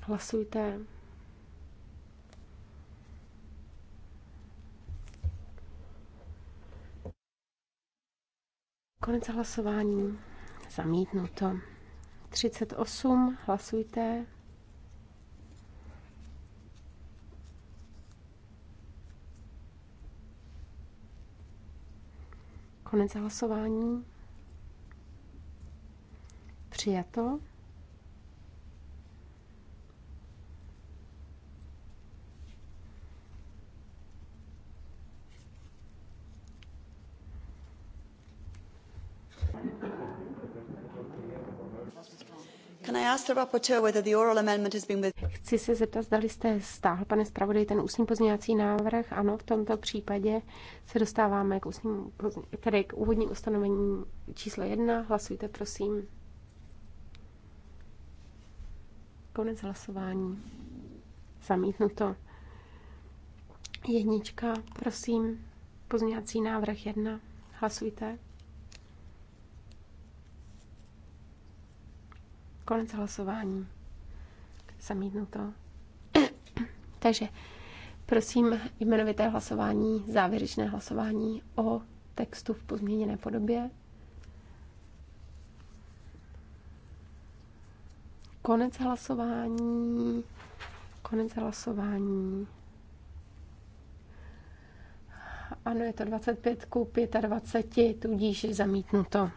Hlasujte. Konec hlasování. Zamítnuto. 38. Hlasujte. Konec hlasování. Přijato. Chci se zeptat, zda jste stáhl, pane zpravodaj, ten ústní pozměňovací návrh. Ano, v tomto případě se dostáváme k, ústním, tedy k úvodním ustanovení číslo jedna. Hlasujte, prosím. Konec hlasování. Zamítnuto. Jednička, prosím, pozměňovací návrh jedna. Hlasujte. Konec hlasování. Zamítnuto. Takže prosím jmenovité hlasování, závěrečné hlasování o textu v pozměněné podobě. Konec hlasování. Konec hlasování. Ano, je to 25 ku 25, tudíž je zamítnuto.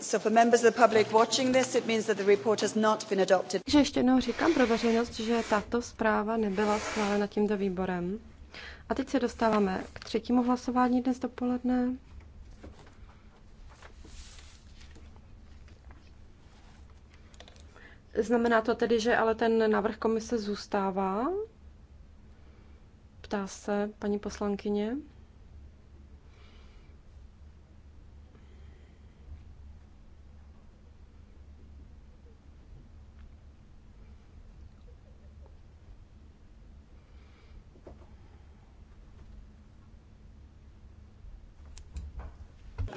So for members of the public watching this, it means that the report has not been adopted. Takže ještě jednou říkám pro veřejnost, že tato zpráva nebyla schválena tímto výborem. A teď se dostáváme k třetímu hlasování dnes dopoledne. Znamená to tedy, že ale ten návrh komise zůstává? Ptá se paní poslankyně.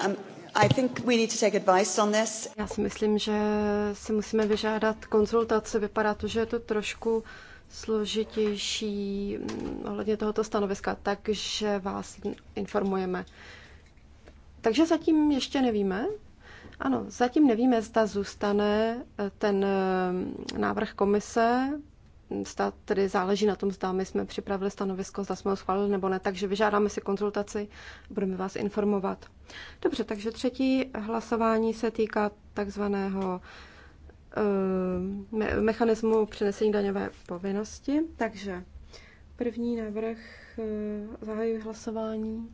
Um, Já si myslím, že si musíme vyžádat konzultace. Vypadá to, že je to trošku složitější mm, ohledně tohoto stanoviska, takže vás informujeme. Takže zatím ještě nevíme. Ano, zatím nevíme, zda zůstane eh, ten eh, návrh komise stát tedy záleží na tom, zda my jsme připravili stanovisko, zda jsme ho schválili nebo ne, takže vyžádáme si konzultaci, budeme vás informovat. Dobře, takže třetí hlasování se týká takzvaného eh, me- mechanismu přenesení daňové povinnosti, takže první návrh eh, zahajuji hlasování.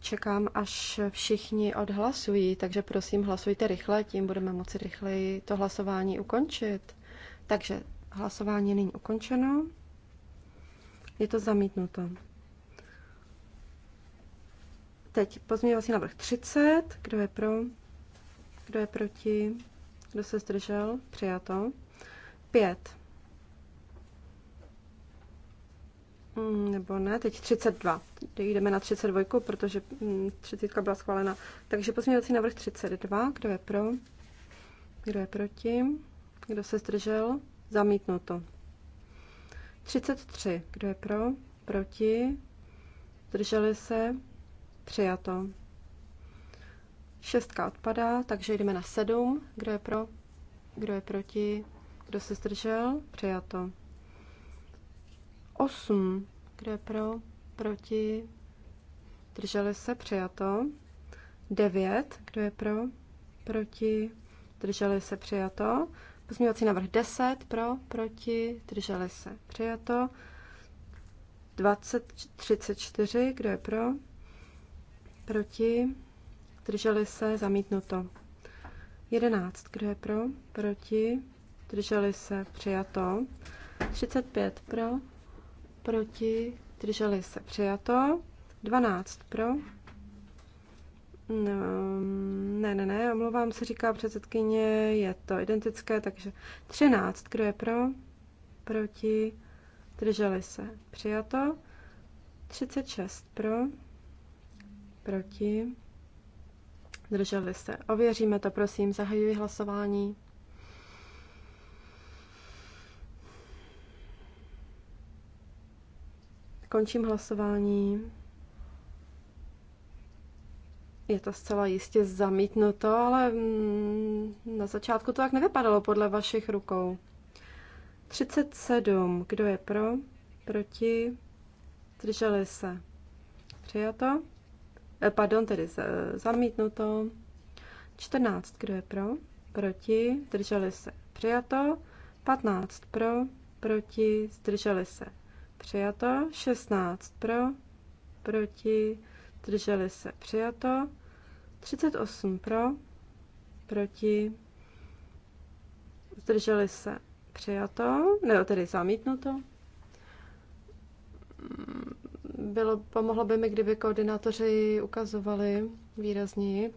čekám, až všichni odhlasují, takže prosím, hlasujte rychle, tím budeme moci rychleji to hlasování ukončit. Takže hlasování není ukončeno. Je to zamítnuto. Teď pozměňovací návrh 30. Kdo je pro? Kdo je proti? Kdo se zdržel? Přijato. 5. Mm, nebo ne, teď 32. Jdeme na 32, protože 30 mm, byla schválena. Takže pozměňovací návrh 32. Kdo je pro? Kdo je proti? Kdo se zdržel? Zamítnuto. 33. Kdo je pro? Proti? Zdrželi se? Přijato. Šestka odpadá, takže jdeme na sedm. Kdo je pro? Kdo je proti? Kdo se zdržel? Přijato. 8. Kdo je pro? Proti? Drželi se? Přijato. 9. Kdo je pro? Proti? Drželi se? Přijato. Pozměňovací návrh 10. Pro? Proti? Drželi se? Přijato. 20, 34. Kdo je pro? Proti? Drželi se? Zamítnuto. 11. Kdo je pro? Proti? Drželi se? Přijato. 35 pro, proti, drželi se přijato, 12 pro, No, ne, ne, ne, omlouvám se, říká předsedkyně, je to identické, takže 13, kdo je pro, proti, drželi se, přijato, 36 pro, proti, drželi se. Ověříme to, prosím, zahajuji hlasování. Končím hlasování. Je to zcela jistě zamítnuto, ale mm, na začátku to tak nevypadalo podle vašich rukou. 37. Kdo je pro? Proti? Zdrželi se. Přijato? Eh, pardon, tedy zamítnuto. 14. Kdo je pro? Proti? Zdrželi se. Přijato? 15. Pro? Proti? Zdrželi se přijato, 16 pro, proti, drželi se, přijato, 38 pro, proti, zdrželi se, přijato, nebo tedy zamítnuto. Mm, bylo, pomohlo by mi, kdyby koordinátoři ukazovali výrazněji.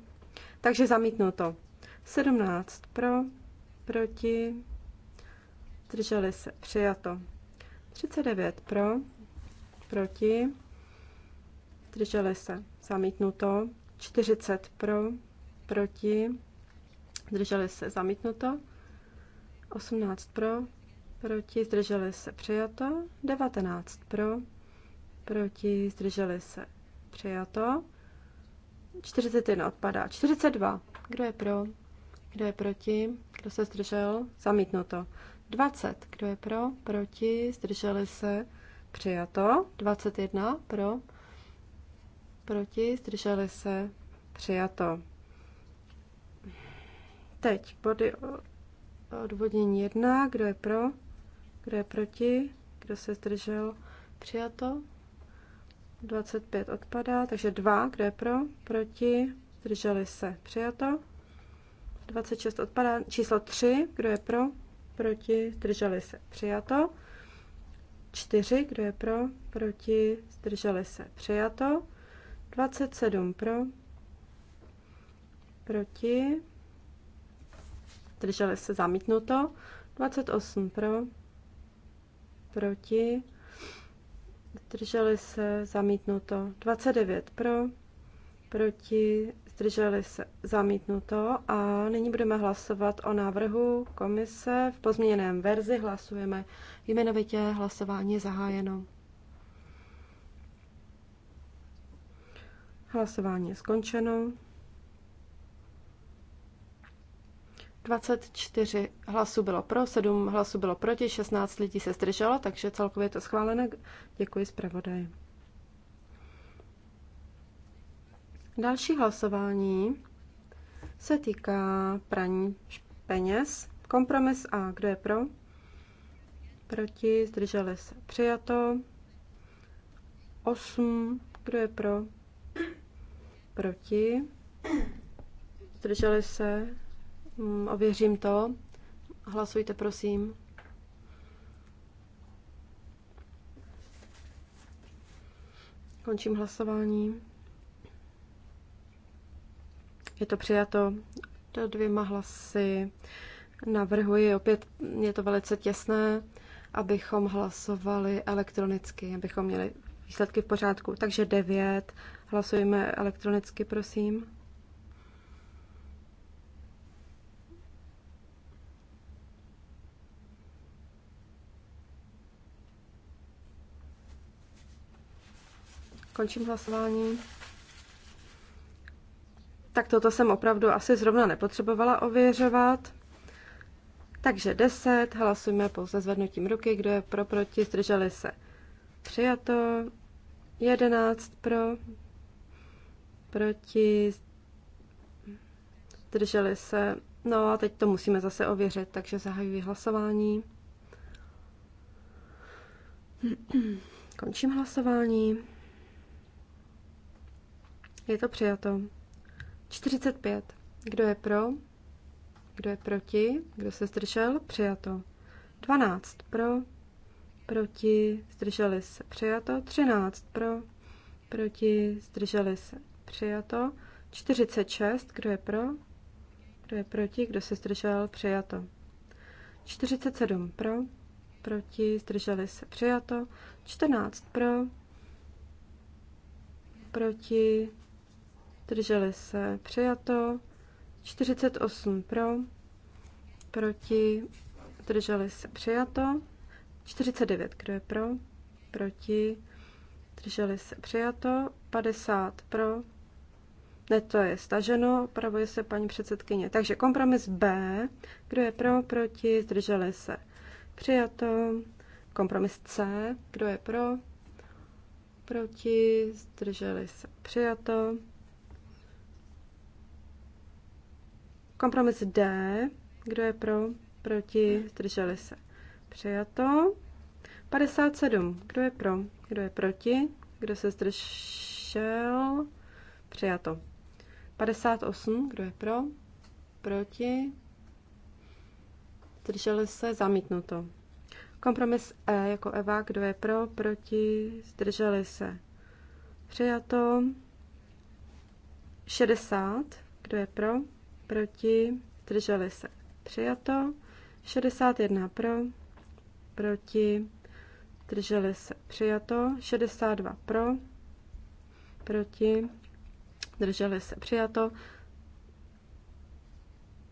Takže zamítnuto. 17 pro, proti, zdrželi se, přijato. 39 pro, proti, zdrželi se, zamítnuto. 40 pro, proti, zdrželi se, zamítnuto. 18 pro, proti, zdrželi se, přijato. 19 pro, proti, zdrželi se, přijato. 41 odpadá. 42. Kdo je pro? Kdo je proti? Kdo se zdržel? Zamítnuto. 20. Kdo je pro? Proti? Zdrželi se? Přijato. 21. Pro? Proti? Zdrželi se? Přijato. Teď body odvodnění 1. Kdo je pro? Kdo je proti? Kdo se zdržel? Přijato. 25 odpadá, takže 2. Kdo je pro? Proti? Zdrželi se? Přijato. 26 odpadá. Číslo 3. Kdo je pro? proti, zdrželi se, přijato. 4, kdo je pro, proti, zdrželi se, přijato. 27 pro, proti, zdrželi se, zamítnuto. 28 pro, proti, zdrželi se, zamítnuto. 29 pro, proti, zdrželi se zamítnuto a nyní budeme hlasovat o návrhu komise v pozměněném verzi. Hlasujeme jmenovitě, hlasování je zahájeno. Hlasování je skončeno. 24 hlasů bylo pro, 7 hlasů bylo proti, 16 lidí se zdrželo, takže celkově je to schválené. Děkuji zpravodaji. Další hlasování se týká praní peněz. Kompromis A. Kdo je pro? Proti? Zdrželi se. Přijato. 8. Kdo je pro? Proti? Zdrželi se. Mm, ověřím to. Hlasujte, prosím. Končím hlasování. Je to přijato do dvěma hlasy. Navrhuji, opět je to velice těsné, abychom hlasovali elektronicky, abychom měli výsledky v pořádku. Takže 9. Hlasujeme elektronicky, prosím. Končím hlasování tak toto jsem opravdu asi zrovna nepotřebovala ověřovat. Takže 10, hlasujeme pouze zvednutím ruky, kdo je pro, proti, zdrželi se. Přijato, 11 pro, proti, zdrželi se. No a teď to musíme zase ověřit, takže zahajuji hlasování. Končím hlasování. Je to přijato. 45. Kdo je pro? Kdo je proti? Kdo se zdržel? Přijato. 12. Pro? Proti? Zdrželi se? Přijato. 13. Pro? Proti? Zdrželi se? Přijato. 46. Kdo je pro? Kdo je proti? Kdo se zdržel? Přijato. 47. Pro? Proti? Zdrželi se? Přijato. 14. Pro? Proti? zdrželi se, přijato. 48 pro, proti, zdrželi se, přijato. 49, kdo je pro, proti, zdrželi se, přijato. 50 pro, ne, to je staženo, pravuje se paní předsedkyně. Takže kompromis B, kdo je pro, proti, zdrželi se, přijato. Kompromis C, kdo je pro, proti, zdrželi se, přijato. Kompromis D. Kdo je pro? Proti? Zdrželi se. Přijato. 57. Kdo je pro? Kdo je proti? Kdo se zdržel? Přijato. 58. Kdo je pro? Proti? Zdrželi se. Zamítnuto. Kompromis E jako Eva. Kdo je pro? Proti? Zdrželi se. Přijato. 60. Kdo je pro? proti, zdrželi se přijato, 61 pro, proti, zdrželi se přijato, 62 pro, proti, zdrželi se přijato,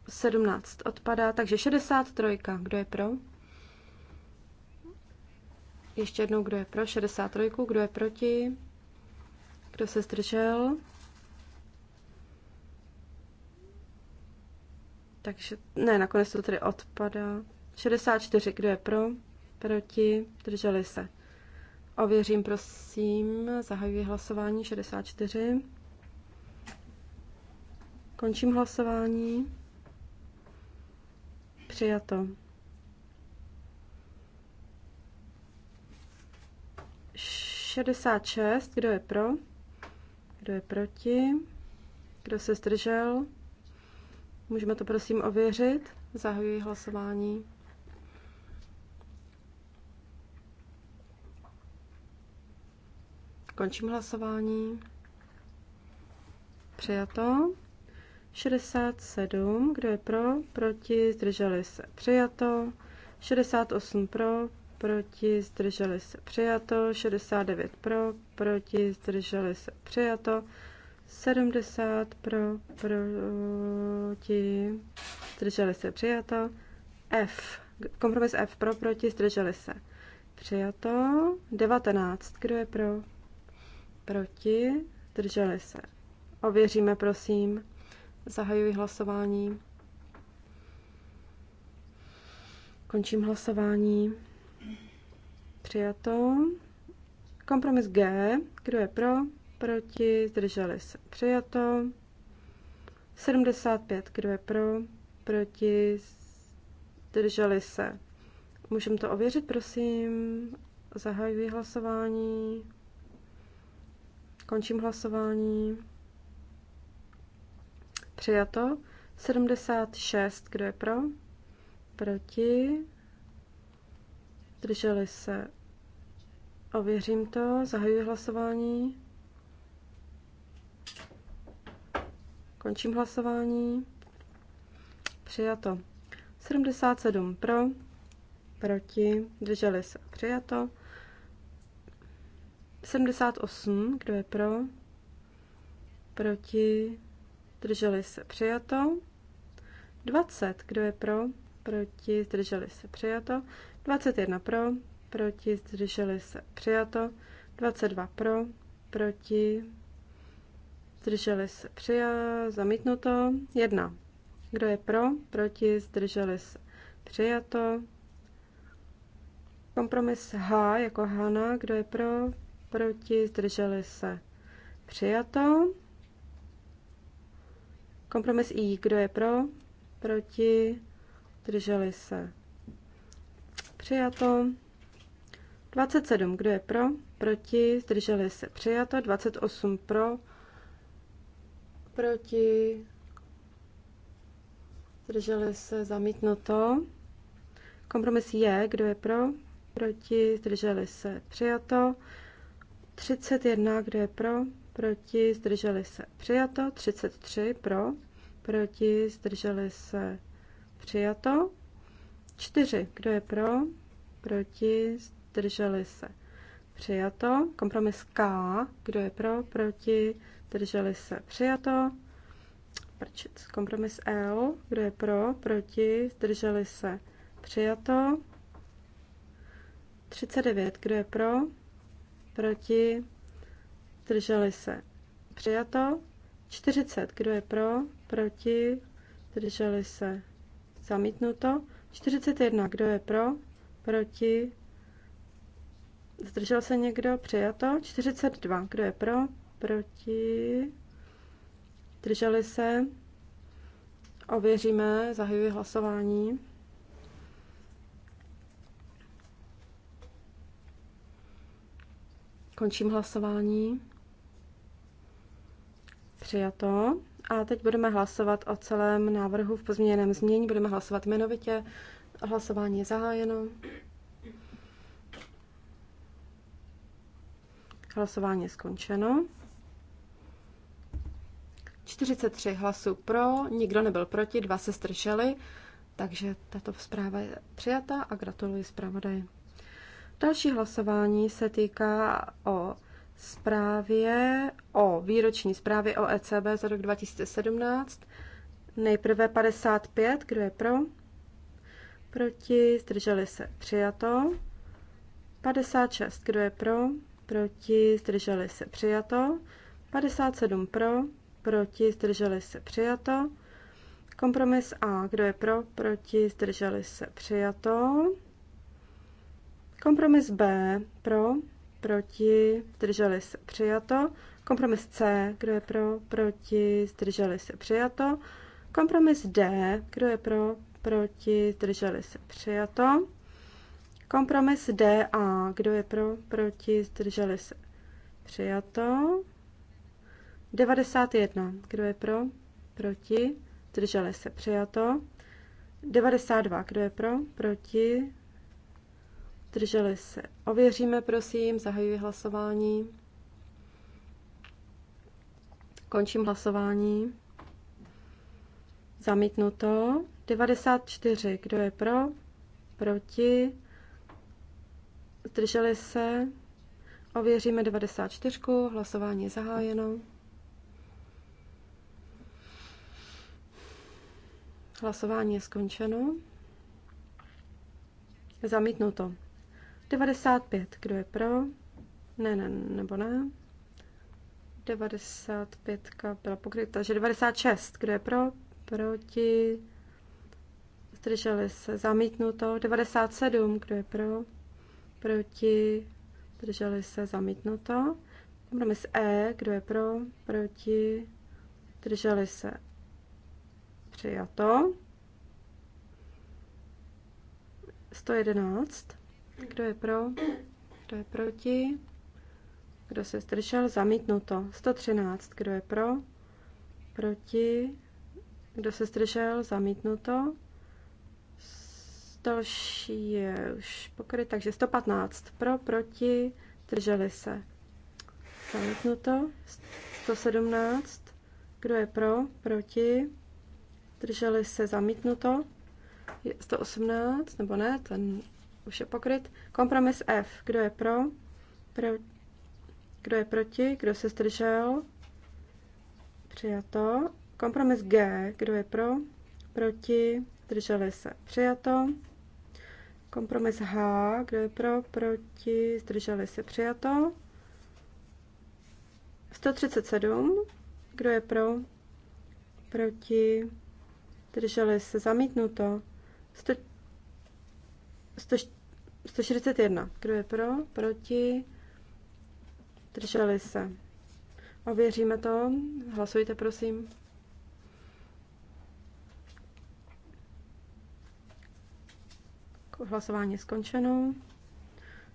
17 odpadá, takže 63, kdo je pro? Ještě jednou, kdo je pro? 63, kdo je proti? Kdo se zdržel? Takže ne, nakonec to tedy odpadá. 64, kdo je pro? Proti? Drželi se. Ověřím, prosím. Zahajuji hlasování 64. Končím hlasování. Přijato. 66, kdo je pro? Kdo je proti? Kdo se zdržel? Můžeme to prosím ověřit. Zahajuji hlasování. Končím hlasování. Přijato. 67, kdo je pro, proti, zdrželi se, přijato. 68 pro, proti, zdrželi se, přijato. 69 pro, proti, zdrželi se, přijato. 70 pro, proti, zdrželi se, přijato. F, kompromis F pro, proti, zdrželi se, přijato. 19, kdo je pro, proti, zdrželi se. Ověříme, prosím. Zahajuji hlasování. Končím hlasování. Přijato. Kompromis G. Kdo je pro? proti, zdrželi se přijato. 75, kdo je pro, proti, zdrželi se. Můžeme to ověřit, prosím. Zahajuji hlasování. Končím hlasování. Přijato. 76, kdo je pro? Proti. zdrželi se. Ověřím to. Zahajuji hlasování. Končím hlasování. Přijato. 77 pro, proti, drželi se. Přijato. 78, kdo je pro, proti, drželi se. Přijato. 20, kdo je pro, proti, zdrželi se. Přijato. 21 pro, proti, zdrželi se. Přijato. 22 pro, proti, zdrželi se přijat, zamítnuto, jedna. Kdo je pro, proti, zdrželi se přijato. Kompromis H jako Hana, kdo je pro, proti, zdrželi se přijato. Kompromis I, kdo je pro, proti, zdrželi se přijato. 27, kdo je pro, proti, zdrželi se přijato. 28 pro, proti, zdrželi se, zamítnuto. Kompromis je, kdo je pro, proti, zdrželi se, přijato. 31, kdo je pro, proti, zdrželi se, přijato. 33, pro, proti, zdrželi se, přijato. 4, kdo je pro, proti, zdrželi se, přijato. Kompromis K, kdo je pro, proti, drželi se přijato. prčit, Kompromis L. Kdo je pro? Proti? Zdrželi se přijato. 39. Kdo je pro? Proti? Zdrželi se přijato. 40. Kdo je pro? Proti? Zdrželi se zamítnuto. 41. Kdo je pro? Proti? Zdržel se někdo? Přijato. 42. Kdo je pro? proti, drželi se, ověříme, zahajuji hlasování. Končím hlasování. Přijato. A teď budeme hlasovat o celém návrhu v pozměněném změní. Budeme hlasovat jmenovitě. Hlasování je zahájeno. Hlasování je skončeno. 43 hlasů pro, nikdo nebyl proti, dva se stršeli, takže tato zpráva je přijata a gratuluji zpravodaji. Další hlasování se týká o zprávě o výroční zprávě o ECB za rok 2017. Nejprve 55, kdo je pro? Proti, zdrželi se, přijato. 56, kdo je pro? Proti, zdrželi se, přijato. 57 pro, proti, zdrželi se přijato. Kompromis A, kdo je pro, proti, zdrželi se přijato. Kompromis B, pro, proti, zdrželi se přijato. Kompromis C, kdo je pro, proti, zdrželi se přijato. Kompromis D, kdo je pro, proti, zdrželi se přijato. Kompromis D a kdo je pro, proti, zdrželi se přijato. 91. Kdo je pro? Proti. Zdrželi se. Přijato. 92. Kdo je pro? Proti. Zdrželi se. Ověříme, prosím. Zahajuji hlasování. Končím hlasování. Zamítnuto. 94. Kdo je pro? Proti. Zdrželi se. Ověříme 94. Hlasování je zahájeno. Hlasování je skončeno. Zamítnuto. 95. Kdo je pro? Ne, ne, nebo ne. 95 byla pokryta, takže 96. Kdo je pro? Proti. Zdrželi se. Zamítnuto. 97. Kdo je pro? Proti. Zdrželi se. Zamítnuto. Kompromis E. Kdo je pro? Proti. Zdrželi se. Přijato. 111. Kdo je pro? Kdo je proti? Kdo se zdržel? Zamítnuto. 113. Kdo je pro? Proti? Kdo se zdržel? Zamítnuto. Další je už pokryt, takže 115. Pro, proti, drželi se. Zamítnuto. 117. Kdo je pro? Proti? Drželi se zamítnuto. 118, nebo ne, ten už je pokryt. Kompromis F. Kdo je pro? pro kdo je proti? Kdo se zdržel? Přijato. Kompromis G. Kdo je pro? Proti? Zdrželi se. Přijato. Kompromis H. Kdo je pro? Proti? Zdrželi se. Přijato. 137. Kdo je pro? Proti? Drželi se zamítnuto. 141. Kdo je pro? Proti? Drželi se. Ověříme to. Hlasujte, prosím. Hlasování je skončeno.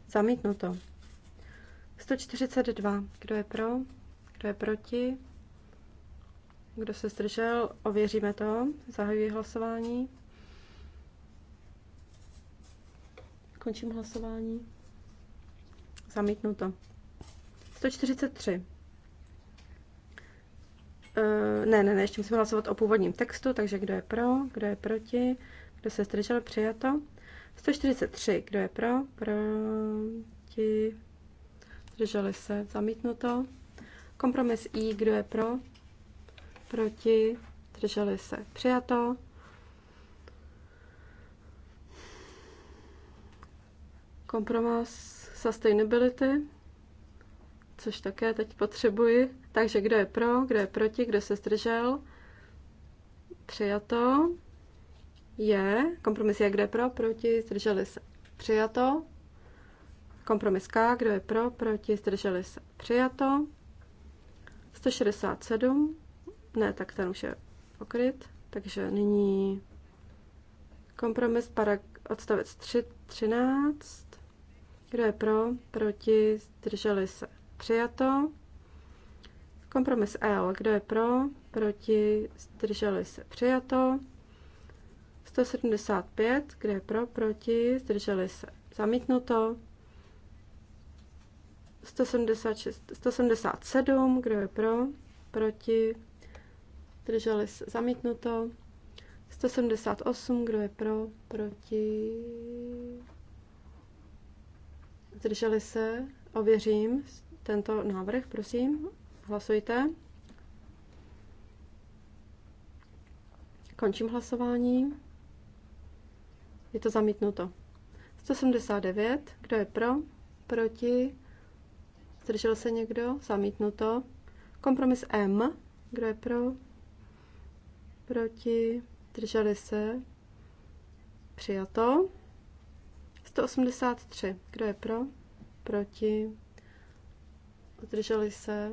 Zamítnuto. 142. Kdo je pro? Kdo je proti? Kdo se zdržel? Ověříme to. Zahajuji hlasování. Končím hlasování. Zamítnuto. 143. Uh, eh, ne, ne, ne, ještě musíme hlasovat o původním textu, takže kdo je pro, kdo je proti, kdo se zdržel, přijato. 143, kdo je pro, proti, zdrželi se, zamítnuto. Kompromis I, kdo je pro, proti, drželi se, přijato. Kompromis sustainability, což také teď potřebuji. Takže kdo je pro, kdo je proti, kdo se zdržel, přijato. Je, kompromis je, kdo je pro, proti, zdrželi se, přijato. Kompromis K, kdo je pro, proti, zdrželi se, přijato. 167 ne, tak ten už je pokryt. Takže nyní kompromis para odstavec 3, 13. Kdo je pro, proti, zdrželi se. Přijato. Kompromis L. Kdo je pro, proti, zdrželi se. Přijato. 175. Kdo je pro, proti, zdrželi se. Zamítnuto. 176, 177. Kdo je pro, proti, Drželi se zamítnuto. 178, kdo je pro, proti, zdrželi se, ověřím tento návrh, prosím, hlasujte. Končím hlasování. Je to zamítnuto. 179, kdo je pro, proti, zdržel se někdo, zamítnuto. Kompromis M, kdo je pro, proti, drželi se, přijato. 183, kdo je pro, proti, drželi se,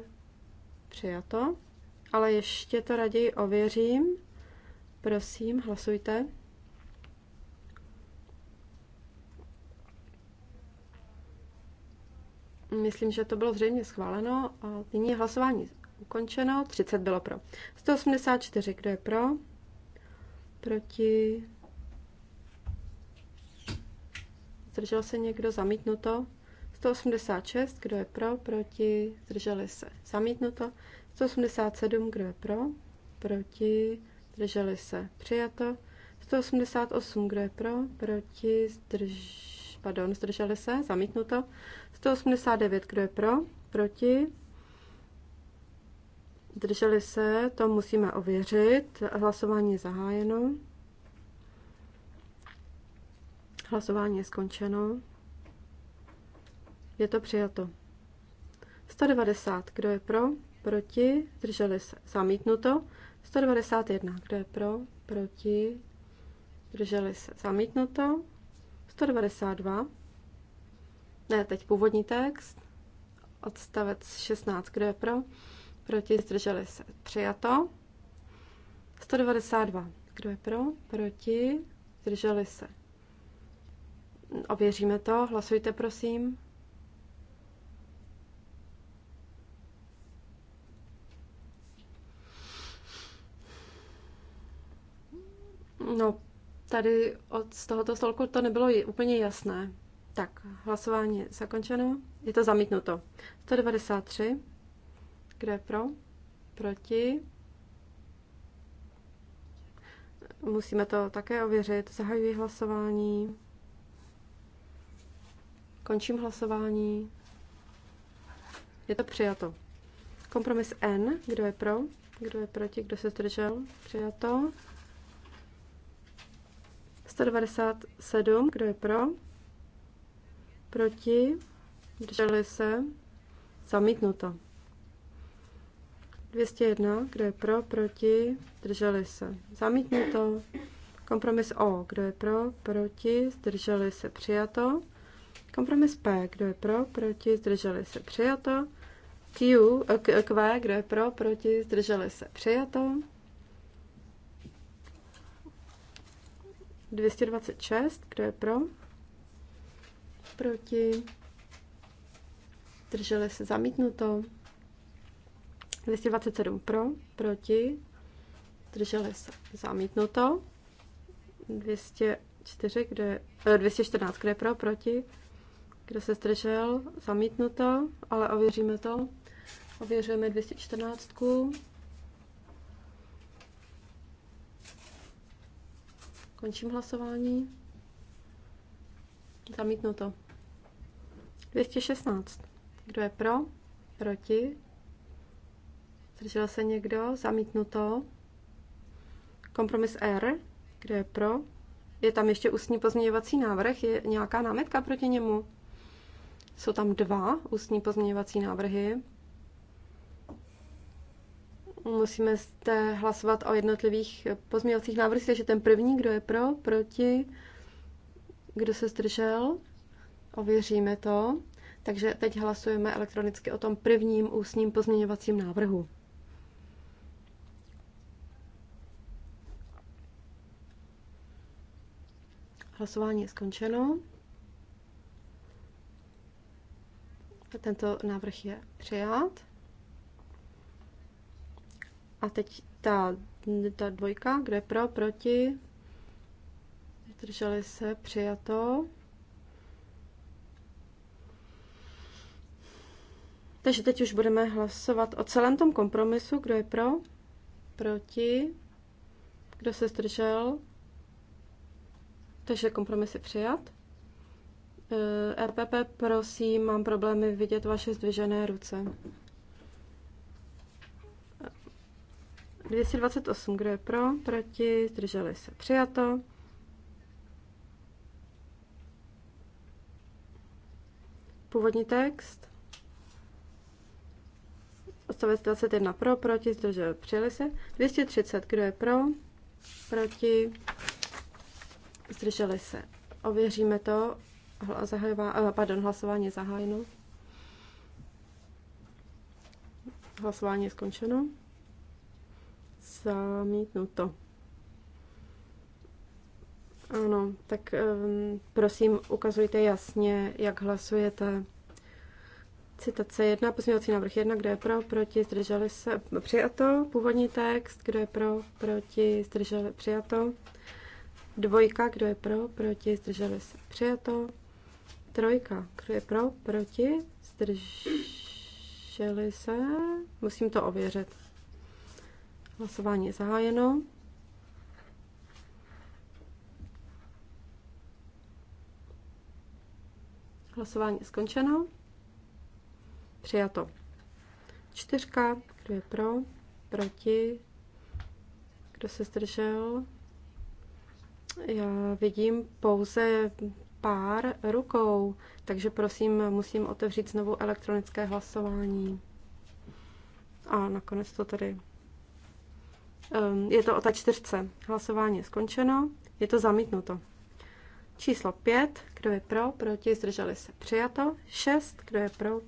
přijato. Ale ještě to raději ověřím. Prosím, hlasujte. Myslím, že to bylo zřejmě schváleno a nyní je hlasování ukončeno, 30 bylo pro. 184, kdo je pro? Proti? Zdržel se někdo? Zamítnuto. 186, kdo je pro? Proti? Zdrželi se. Zamítnuto. 187, kdo je pro? Proti? Zdrželi se. Přijato. 188, kdo je pro? Proti? Zdrž... Pardon, zdrželi se. Zamítnuto. 189, kdo je pro? Proti? Zdrželi se, to musíme ověřit. Hlasování je zahájeno. Hlasování je skončeno. Je to přijato. 190. Kdo je pro? Proti? Zdrželi se. Zamítnuto. 191. Kdo je pro? Proti? Zdrželi se. Zamítnuto. 192. Ne, teď původní text. Odstavec 16. Kdo je pro? proti, zdrželi se, přijato. 192, kdo je pro, proti, zdrželi se. Ověříme to, hlasujte prosím. No, tady od, z tohoto stolku to nebylo úplně jasné. Tak, hlasování je zakončeno. Je to zamítnuto. 193. Kdo je pro? Proti? Musíme to také ověřit. Zahajuji hlasování. Končím hlasování. Je to přijato. Kompromis N. Kdo je pro? Kdo je proti? Kdo se zdržel? Přijato. 197. Kdo je pro? Proti? Drželi se? Zamítnuto. 201, kdo je pro, proti, zdrželi se. Zamítnuto. Kompromis O, kdo je pro, proti, zdrželi se, přijato. Kompromis P, kdo je pro, proti, zdrželi se, přijato. Q, k eh, Q eh, kdo je pro, proti, zdrželi se, přijato. 226, kdo je pro, proti, zdrželi se, zamítnuto. 227 pro, proti, drželi se zamítnuto. 204, kde, eh, 214, kde pro, proti, kdo se zdržel, zamítnuto, ale ověříme to. Ověřujeme 214. Končím hlasování. Zamítnuto. 216. Kdo je pro? Proti? Zdržel se někdo? Zamítnuto. Kompromis R. Kdo je pro? Je tam ještě ústní pozměňovací návrh? Je nějaká námitka proti němu? Jsou tam dva ústní pozměňovací návrhy. Musíme zde hlasovat o jednotlivých pozměňovacích návrzích, takže ten první, kdo je pro, proti, kdo se zdržel, ověříme to. Takže teď hlasujeme elektronicky o tom prvním ústním pozměňovacím návrhu. Hlasování je skončeno. Tento návrh je přijat. A teď ta, ta dvojka, kde je pro, proti, zdrželi se, přijato. Takže teď už budeme hlasovat o celém tom kompromisu, kdo je pro, proti, kdo se zdržel, takže kompromisy přijat. EPP, e prosím, mám problémy vidět vaše zdvižené ruce. 228, kdo je pro, proti, zdrželi se, přijato. Původní text. Odstavec 21 pro, proti, zdržel, přijeli se. 230, kdo je pro, proti, zdrželi se. Ověříme to. zahajová, eh, pardon, hlasování je zahájeno. Hlasování je skončeno. Zamítnuto. Ano, tak um, prosím, ukazujte jasně, jak hlasujete. Citace 1, pozměňovací návrh 1, kdo je pro, proti, zdrželi se, přijato. Původní text, kdo je pro, proti, zdrželi, přijato. Dvojka, kdo je pro, proti, zdrželi se. Přijato. Trojka, kdo je pro, proti, zdrželi se. Musím to ověřit. Hlasování je zahájeno. Hlasování je skončeno. Přijato. Čtyřka, kdo je pro, proti, kdo se zdržel, já vidím pouze pár rukou, takže prosím, musím otevřít znovu elektronické hlasování. A nakonec to tady. Ehm, je to o ta čtyřce. Hlasování je skončeno, je to zamítnuto. Číslo 5, kdo je pro, proti, zdrželi se, přijato. 6, kdo je pro,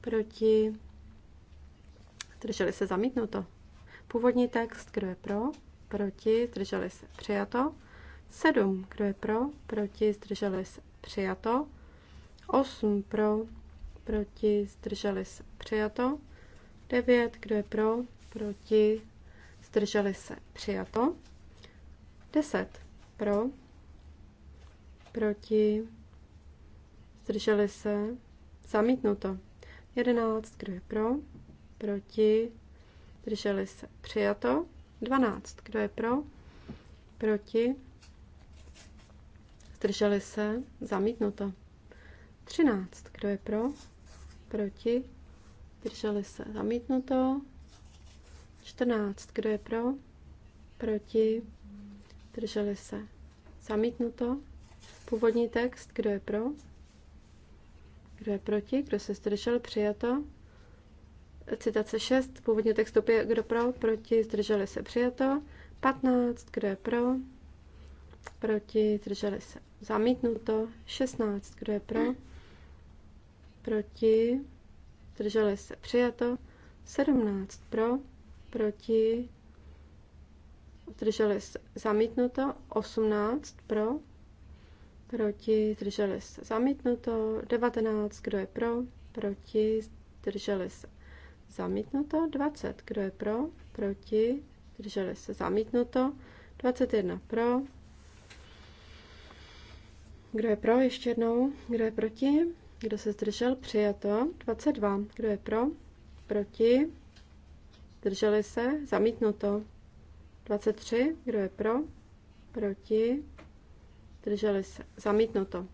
proti, zdrželi se, zamítnuto. Původní text, kdo je pro, proti, zdrželi se, přijato. 7, kdo je pro, proti, zdrželi se, přijato. 8 pro, proti, zdrželi se, přijato. 9, kdo je pro, proti, zdrželi se, přijato. 10 pro, proti, zdrželi se, zamítnuto. 11, kdo je pro, proti, zdrželi se, přijato. 12. Kdo je pro? Proti? Zdrželi se? Zamítnuto. 13. Kdo je pro? Proti? Zdrželi se? Zamítnuto. 14. Kdo je pro? Proti? Zdrželi se? Zamítnuto. Původní text. Kdo je pro? Kdo je proti? Kdo se zdržel? Přijato. Citace 6, původně text opět, kdo pro, proti, zdrželi se, přijato. 15, kdo je pro, proti, zdrželi se, zamítnuto. 16, kdo je pro, proti, zdrželi se, přijato. 17 pro, proti, zdrželi se, zamítnuto. 18 pro, proti, zdrželi se, zamítnuto. 19, kdo je pro, proti, zdrželi se, Zamítnuto. 20. Kdo je pro? Proti? Zdrželi se. Zamítnuto. 21. Pro. Kdo je pro? Ještě jednou. Kdo je proti? Kdo se zdržel? Přijato. 22. Kdo je pro? Proti? Zdrželi se? Zamítnuto. 23. Kdo je pro? Proti? Zdrželi se. Zamítnuto.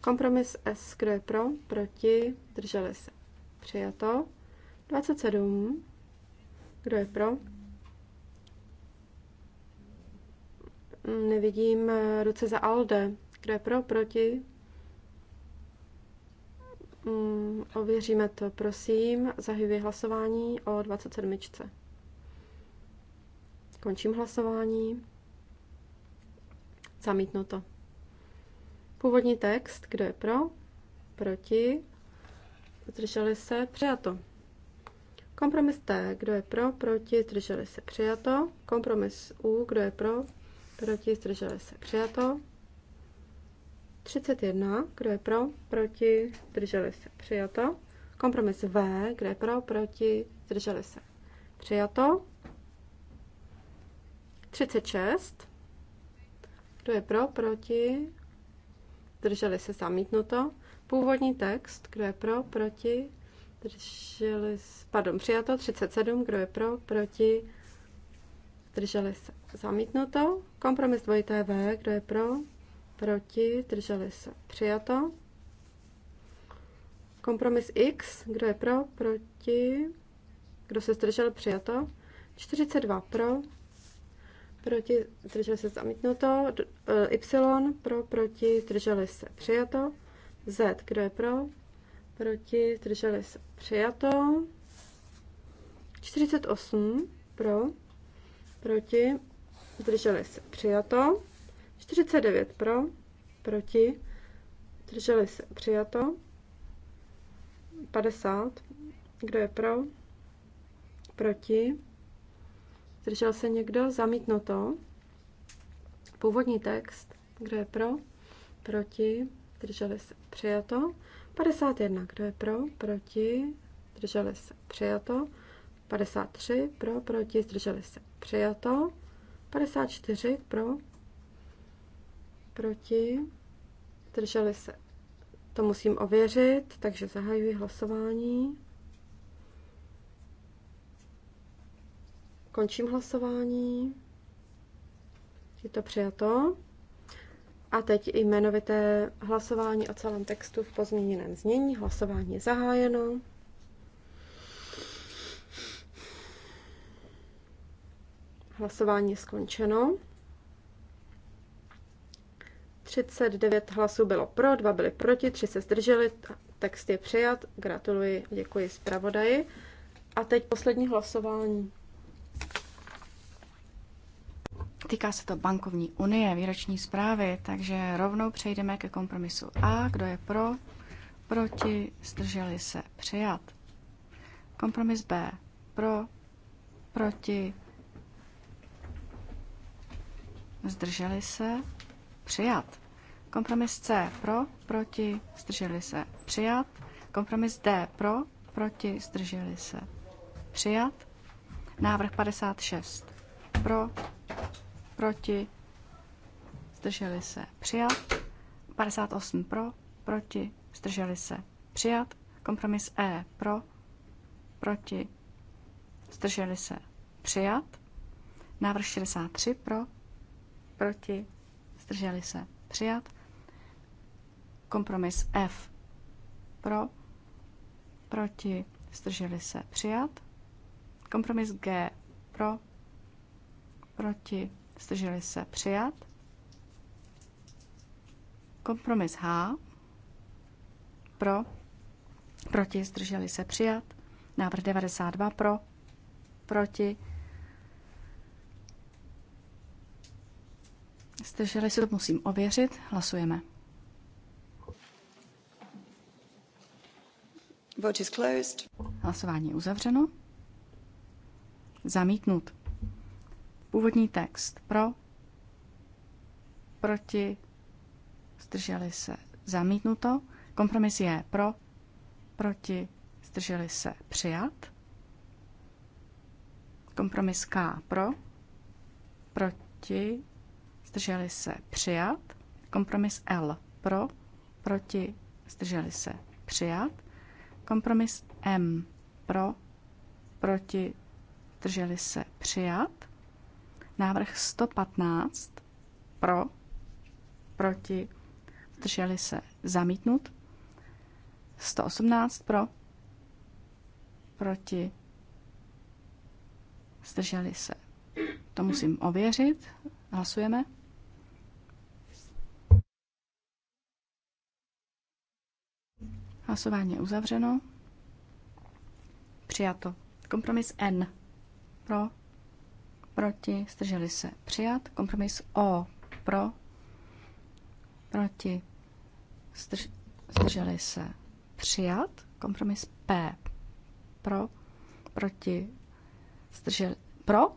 Kompromis S. Kdo je pro? Proti? Zdrželi se. Přijato. 27. Kdo je pro? Nevidím eh, ruce za Alde. Kdo je pro? Proti? Mm, ověříme to, prosím. Zahajuji hlasování o 27. Končím hlasování. Zamítnuto. Původní text, kdo je pro? Proti? Zdrželi se? Přijato. Kompromis T, kdo je pro, proti, zdrželi se přijato. Kompromis U, kdo je pro, proti, zdrželi se přijato. 31, kdo je pro, proti, zdrželi se přijato. Kompromis V, kdo je pro, proti, zdrželi se přijato. 36, kdo je pro, proti, zdrželi se zamítnuto. Původní text, kdo je pro, proti, zdrželi se, pardon, přijato 37, kdo je pro, proti, zdrželi se, zamítnuto, kompromis dvojité V, kdo je pro, proti, zdrželi se, přijato, kompromis X, kdo je pro, proti, kdo se zdržel, přijato, 42 pro, proti, zdrželi se, zamítnuto, e, Y pro, proti, zdrželi se, přijato, Z, kdo je pro, proti, zdrželi se přijato. 48 pro, proti, zdrželi se přijato. 49 pro, proti, zdrželi se přijato. 50, kdo je pro, proti, zdržel se někdo, zamítnuto. Původní text, kdo je pro, proti, zdrželi se přijato. 51, kdo je pro, proti, zdrželi se, přijato. 53, pro, proti, zdrželi se, přijato. 54, pro, proti, zdrželi se. To musím ověřit, takže zahajuji hlasování. Končím hlasování. Je to přijato. A teď i jmenovité hlasování o celém textu v pozměněném znění. Hlasování je zahájeno. Hlasování je skončeno. 39 hlasů bylo pro, 2 byly proti, 3 se zdrželi. Text je přijat. Gratuluji, děkuji zpravodaji. A teď poslední hlasování. Týká se to bankovní unie, výroční zprávy, takže rovnou přejdeme ke kompromisu A. Kdo je pro? Proti? Zdrželi se? Přijat. Kompromis B. Pro? Proti? Zdrželi se? Přijat. Kompromis C. Pro? Proti? Zdrželi se? Přijat. Kompromis D. Pro? Proti? Zdrželi se? Přijat. Návrh 56. Pro? proti, zdrželi se přijat, 58 pro, proti, zdrželi se přijat, kompromis E pro, proti, zdrželi se přijat, návrh 63 pro, proti, zdrželi se přijat, kompromis F pro, proti, zdrželi se přijat, kompromis G pro, proti, Zdrželi se přijat. Kompromis H. Pro. Proti. Zdrželi se přijat. Návrh 92 pro. Proti. Zdrželi se, to musím ověřit. Hlasujeme. Vote is closed. Hlasování je uzavřeno. Zamítnut. Původní text pro, proti, zdrželi se, zamítnuto. Kompromis je pro, proti, zdrželi se, přijat. Kompromis K pro, proti, zdrželi se, přijat. Kompromis L pro, proti, zdrželi se, přijat. Kompromis M pro, proti, zdrželi se, přijat. Návrh 115 pro, proti, zdrželi se zamítnut. 118 pro, proti, zdrželi se. To musím ověřit. Hlasujeme. Hlasování je uzavřeno. Přijato. Kompromis N. Pro, proti, zdrželi se přijat. Kompromis O pro, proti, zdrž, zdrželi se přijat. Kompromis P pro, proti, zdrželi, pro,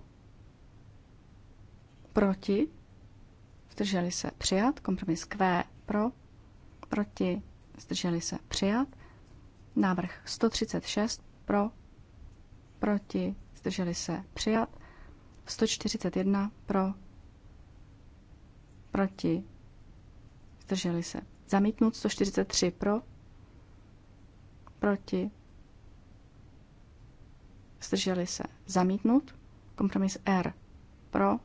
proti, zdrželi se přijat. Kompromis Q pro, proti, zdrželi se přijat. Návrh 136 pro, proti, zdrželi se přijat. 141 pro, proti, zdrželi se. Zamítnut 143 pro, proti, zdrželi se. Zamítnut, kompromis R pro,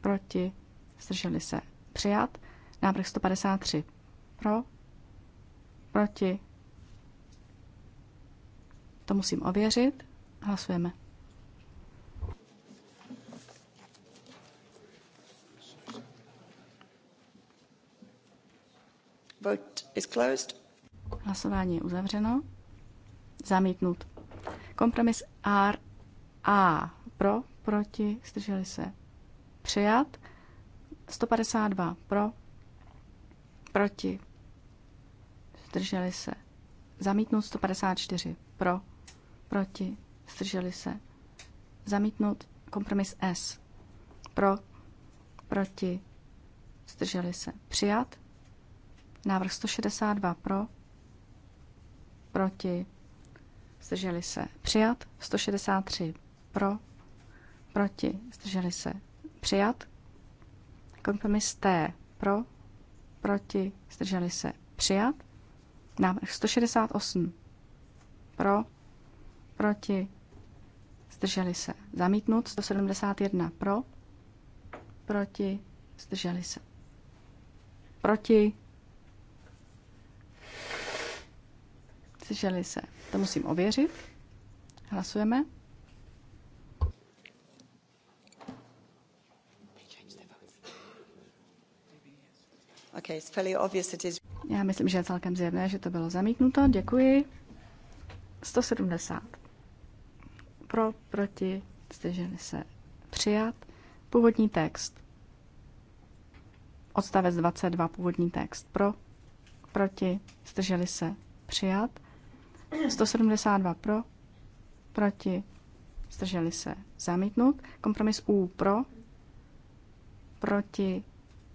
proti, zdrželi se. Přijat, návrh 153 pro, proti, to musím ověřit, hlasujeme. Vote is closed. Hlasování je uzavřeno. Zamítnut. Kompromis R A pro, proti, zdrželi se. Přijat. 152 pro, proti, zdrželi se. Zamítnut 154 pro, proti, zdrželi se. Zamítnut kompromis S pro, proti, zdrželi se. Přijat Návrh 162 pro, proti, zdrželi se přijat. 163 pro, proti, zdrželi se přijat. Kompromis T pro, proti, zdrželi se přijat. Návrh 168 pro, proti, zdrželi se zamítnut. 171 pro, proti, zdrželi se proti, Zdrželi se. To musím ověřit. Hlasujeme. Já myslím, že je celkem zjevné, že to bylo zamítnuto. Děkuji. 170. Pro, proti, zdrželi se. Přijat. Původní text. Odstavec 22, původní text. Pro, proti, zdrželi se. Přijat. 172 pro, proti, zdrželi se zamítnut Kompromis U pro, proti,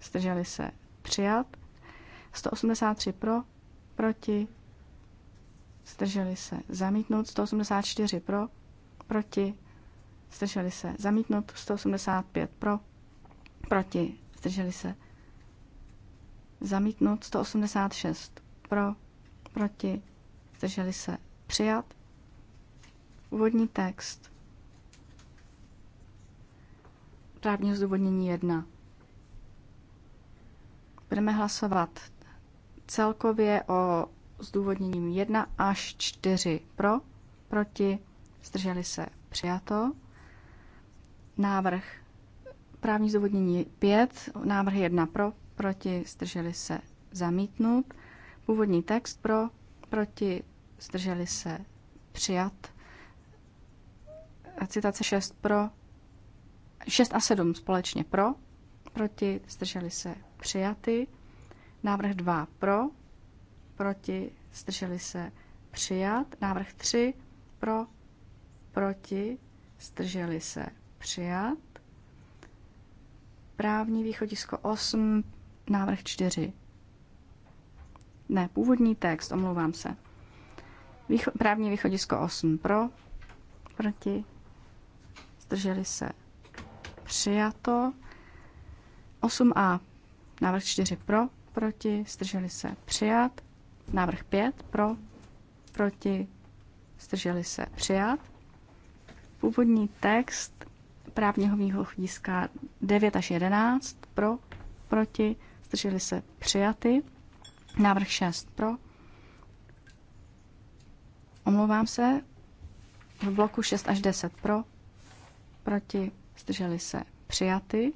zdrželi se přijat. 183 pro, proti, zdrželi se zamítnout. 184 pro, proti, zdrželi se zamítnout. 185 pro, proti, zdrželi se zamítnout. 186 pro, proti, zdrželi se přijat. Úvodní text Právní zdůvodnění 1. Budeme hlasovat celkově o zdůvodněním 1 až 4 pro, proti, zdrželi se přijato. Návrh právní zdůvodnění 5, návrh 1 pro, proti, zdrželi se zamítnut. Původní text pro, proti, zdrželi se přijat. Citace 6 pro, 6 a 7 společně pro, proti, zdrželi se přijaty. Návrh 2 pro, proti, zdrželi se přijat. Návrh 3 pro, proti, zdrželi se přijat. Právní východisko 8, návrh 4. Ne, původní text, omlouvám se. Vycho- právní východisko 8 pro, proti, zdrželi se přijato. 8a, návrh 4 pro, proti, zdrželi se přijat. Návrh 5 pro, proti, zdrželi se přijat. Původní text právního východiska 9 až 11 pro, proti, zdrželi se přijaty. Návrh 6 pro, Omlouvám se. V bloku 6 až 10 pro, proti, zdrželi se přijaty.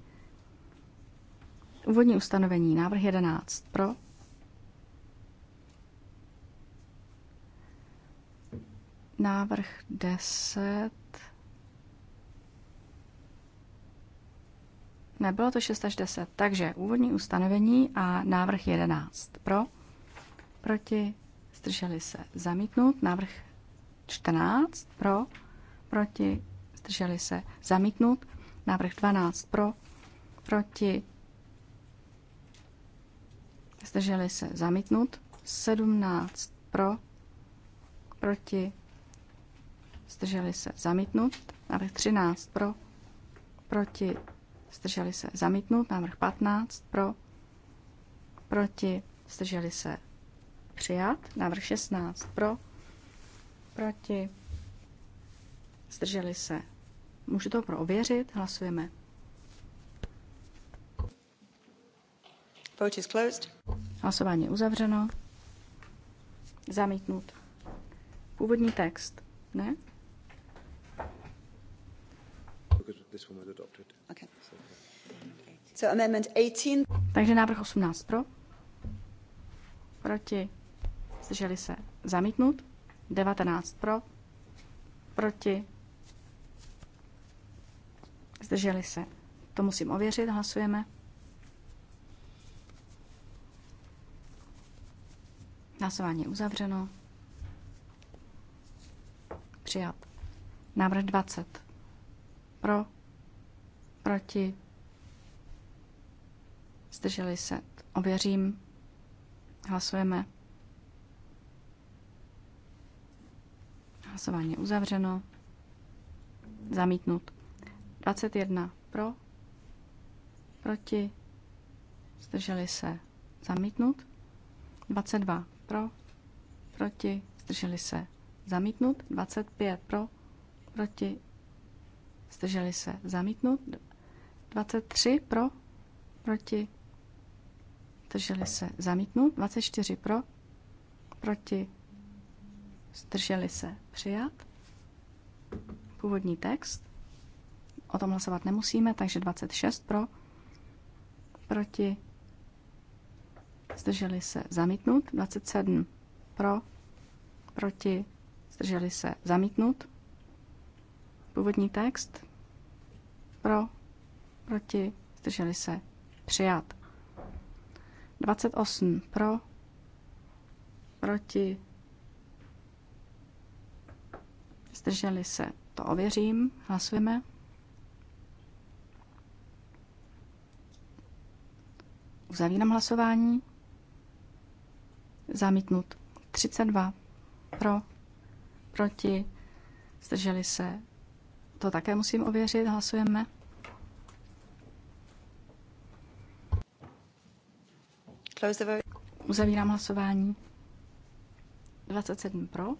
Úvodní ustanovení, návrh 11 pro, návrh 10. Nebylo to 6 až 10. Takže úvodní ustanovení a návrh 11. Pro, proti, zdrželi se zamítnout. Návrh 14 pro, proti, zdrželi se zamítnout. Návrh 12 pro, proti, zdrželi se zamítnout. 17 pro, proti, zdrželi se zamítnout. Návrh 13 pro, proti, zdrželi se zamítnout. Návrh 15 pro, proti, zdrželi se Přijat. Návrh 16. Pro. Proti. Zdrželi se. Můžu to proověřit. Hlasujeme. Vote is closed. Hlasování je uzavřeno. Zamítnut. Původní text. Ne? Okay. So amendment 18. Takže návrh 18 pro. Proti zdrželi se zamítnut, 19 pro, proti, zdrželi se. To musím ověřit, hlasujeme. Hlasování je uzavřeno. Přijat. Návrh 20. Pro. Proti. Zdrželi se. Ověřím. Hlasujeme. Hlasování je uzavřeno. Zamítnut. 21 pro. Proti. Zdrželi se. Zamítnut. 22 pro. Proti. Zdrželi se. Zamítnut. 25 pro. Proti. Zdrželi se. Zamítnut. 23 pro. Proti. Zdrželi se. Zamítnut. 24 pro. Proti Zdrželi se přijat. Původní text. O tom hlasovat nemusíme, takže 26 pro. Proti. Zdrželi se zamítnut. 27 pro. Proti. Zdrželi se zamítnut. Původní text. Pro. Proti. Zdrželi se přijat. 28 pro. Proti Zdrželi se? To ověřím. Hlasujeme. Uzavírám hlasování. Zamítnut. 32 pro, proti, zdrželi se. To také musím ověřit, hlasujeme. Uzavírám hlasování. 27 pro,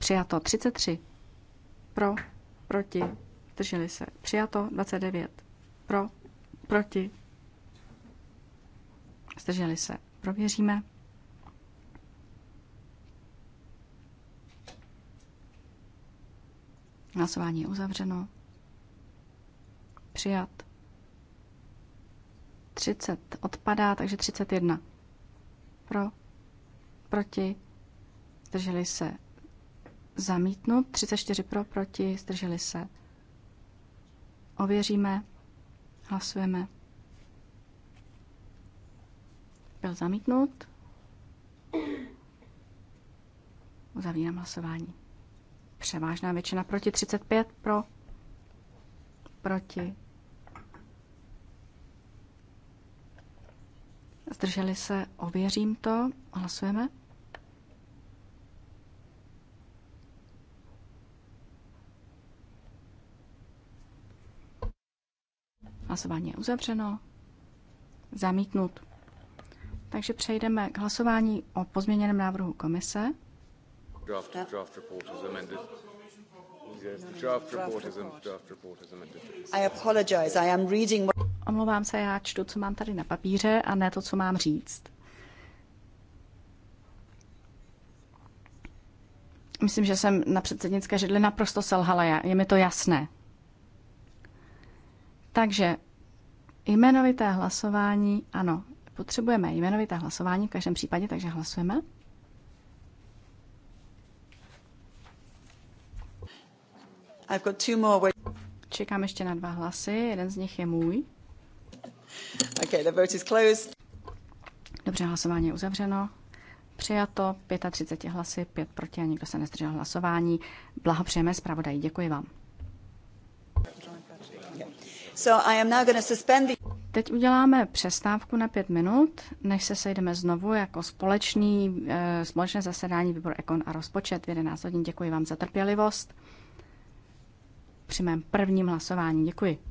Přijato 33. Pro, proti, Drželi se. Přijato 29. Pro, proti, zdrželi se. Prověříme. Hlasování je uzavřeno. Přijat. 30 odpadá, takže 31. Pro, proti, zdrželi se Zamítnut. 34 pro, proti, zdrželi se. Ověříme. Hlasujeme. Byl zamítnut. Uzavírám hlasování. Převážná většina proti 35 pro. Proti. Zdrželi se, ověřím to, hlasujeme. Hlasování je uzavřeno. Zamítnut. Takže přejdeme k hlasování o pozměněném návrhu komise. Draft, report is amended. Omlouvám se, já čtu, co mám tady na papíře a ne to, co mám říct. Myslím, že jsem na předsednické židli naprosto selhala, je mi to jasné. Takže jmenovité hlasování, ano, potřebujeme jmenovité hlasování v každém případě, takže hlasujeme. I've got two more. Čekám ještě na dva hlasy, jeden z nich je můj. Okay, the vote is closed. Dobře, hlasování je uzavřeno. Přijato 35 hlasy, 5 proti a nikdo se nezdržel hlasování. Blahopřejeme zpravodaji, děkuji vám. Teď uděláme přestávku na pět minut, než se sejdeme znovu jako společný, eh, společné zasedání výboru Ekon a rozpočet v 11 hodin. Děkuji vám za trpělivost při mém prvním hlasování. Děkuji.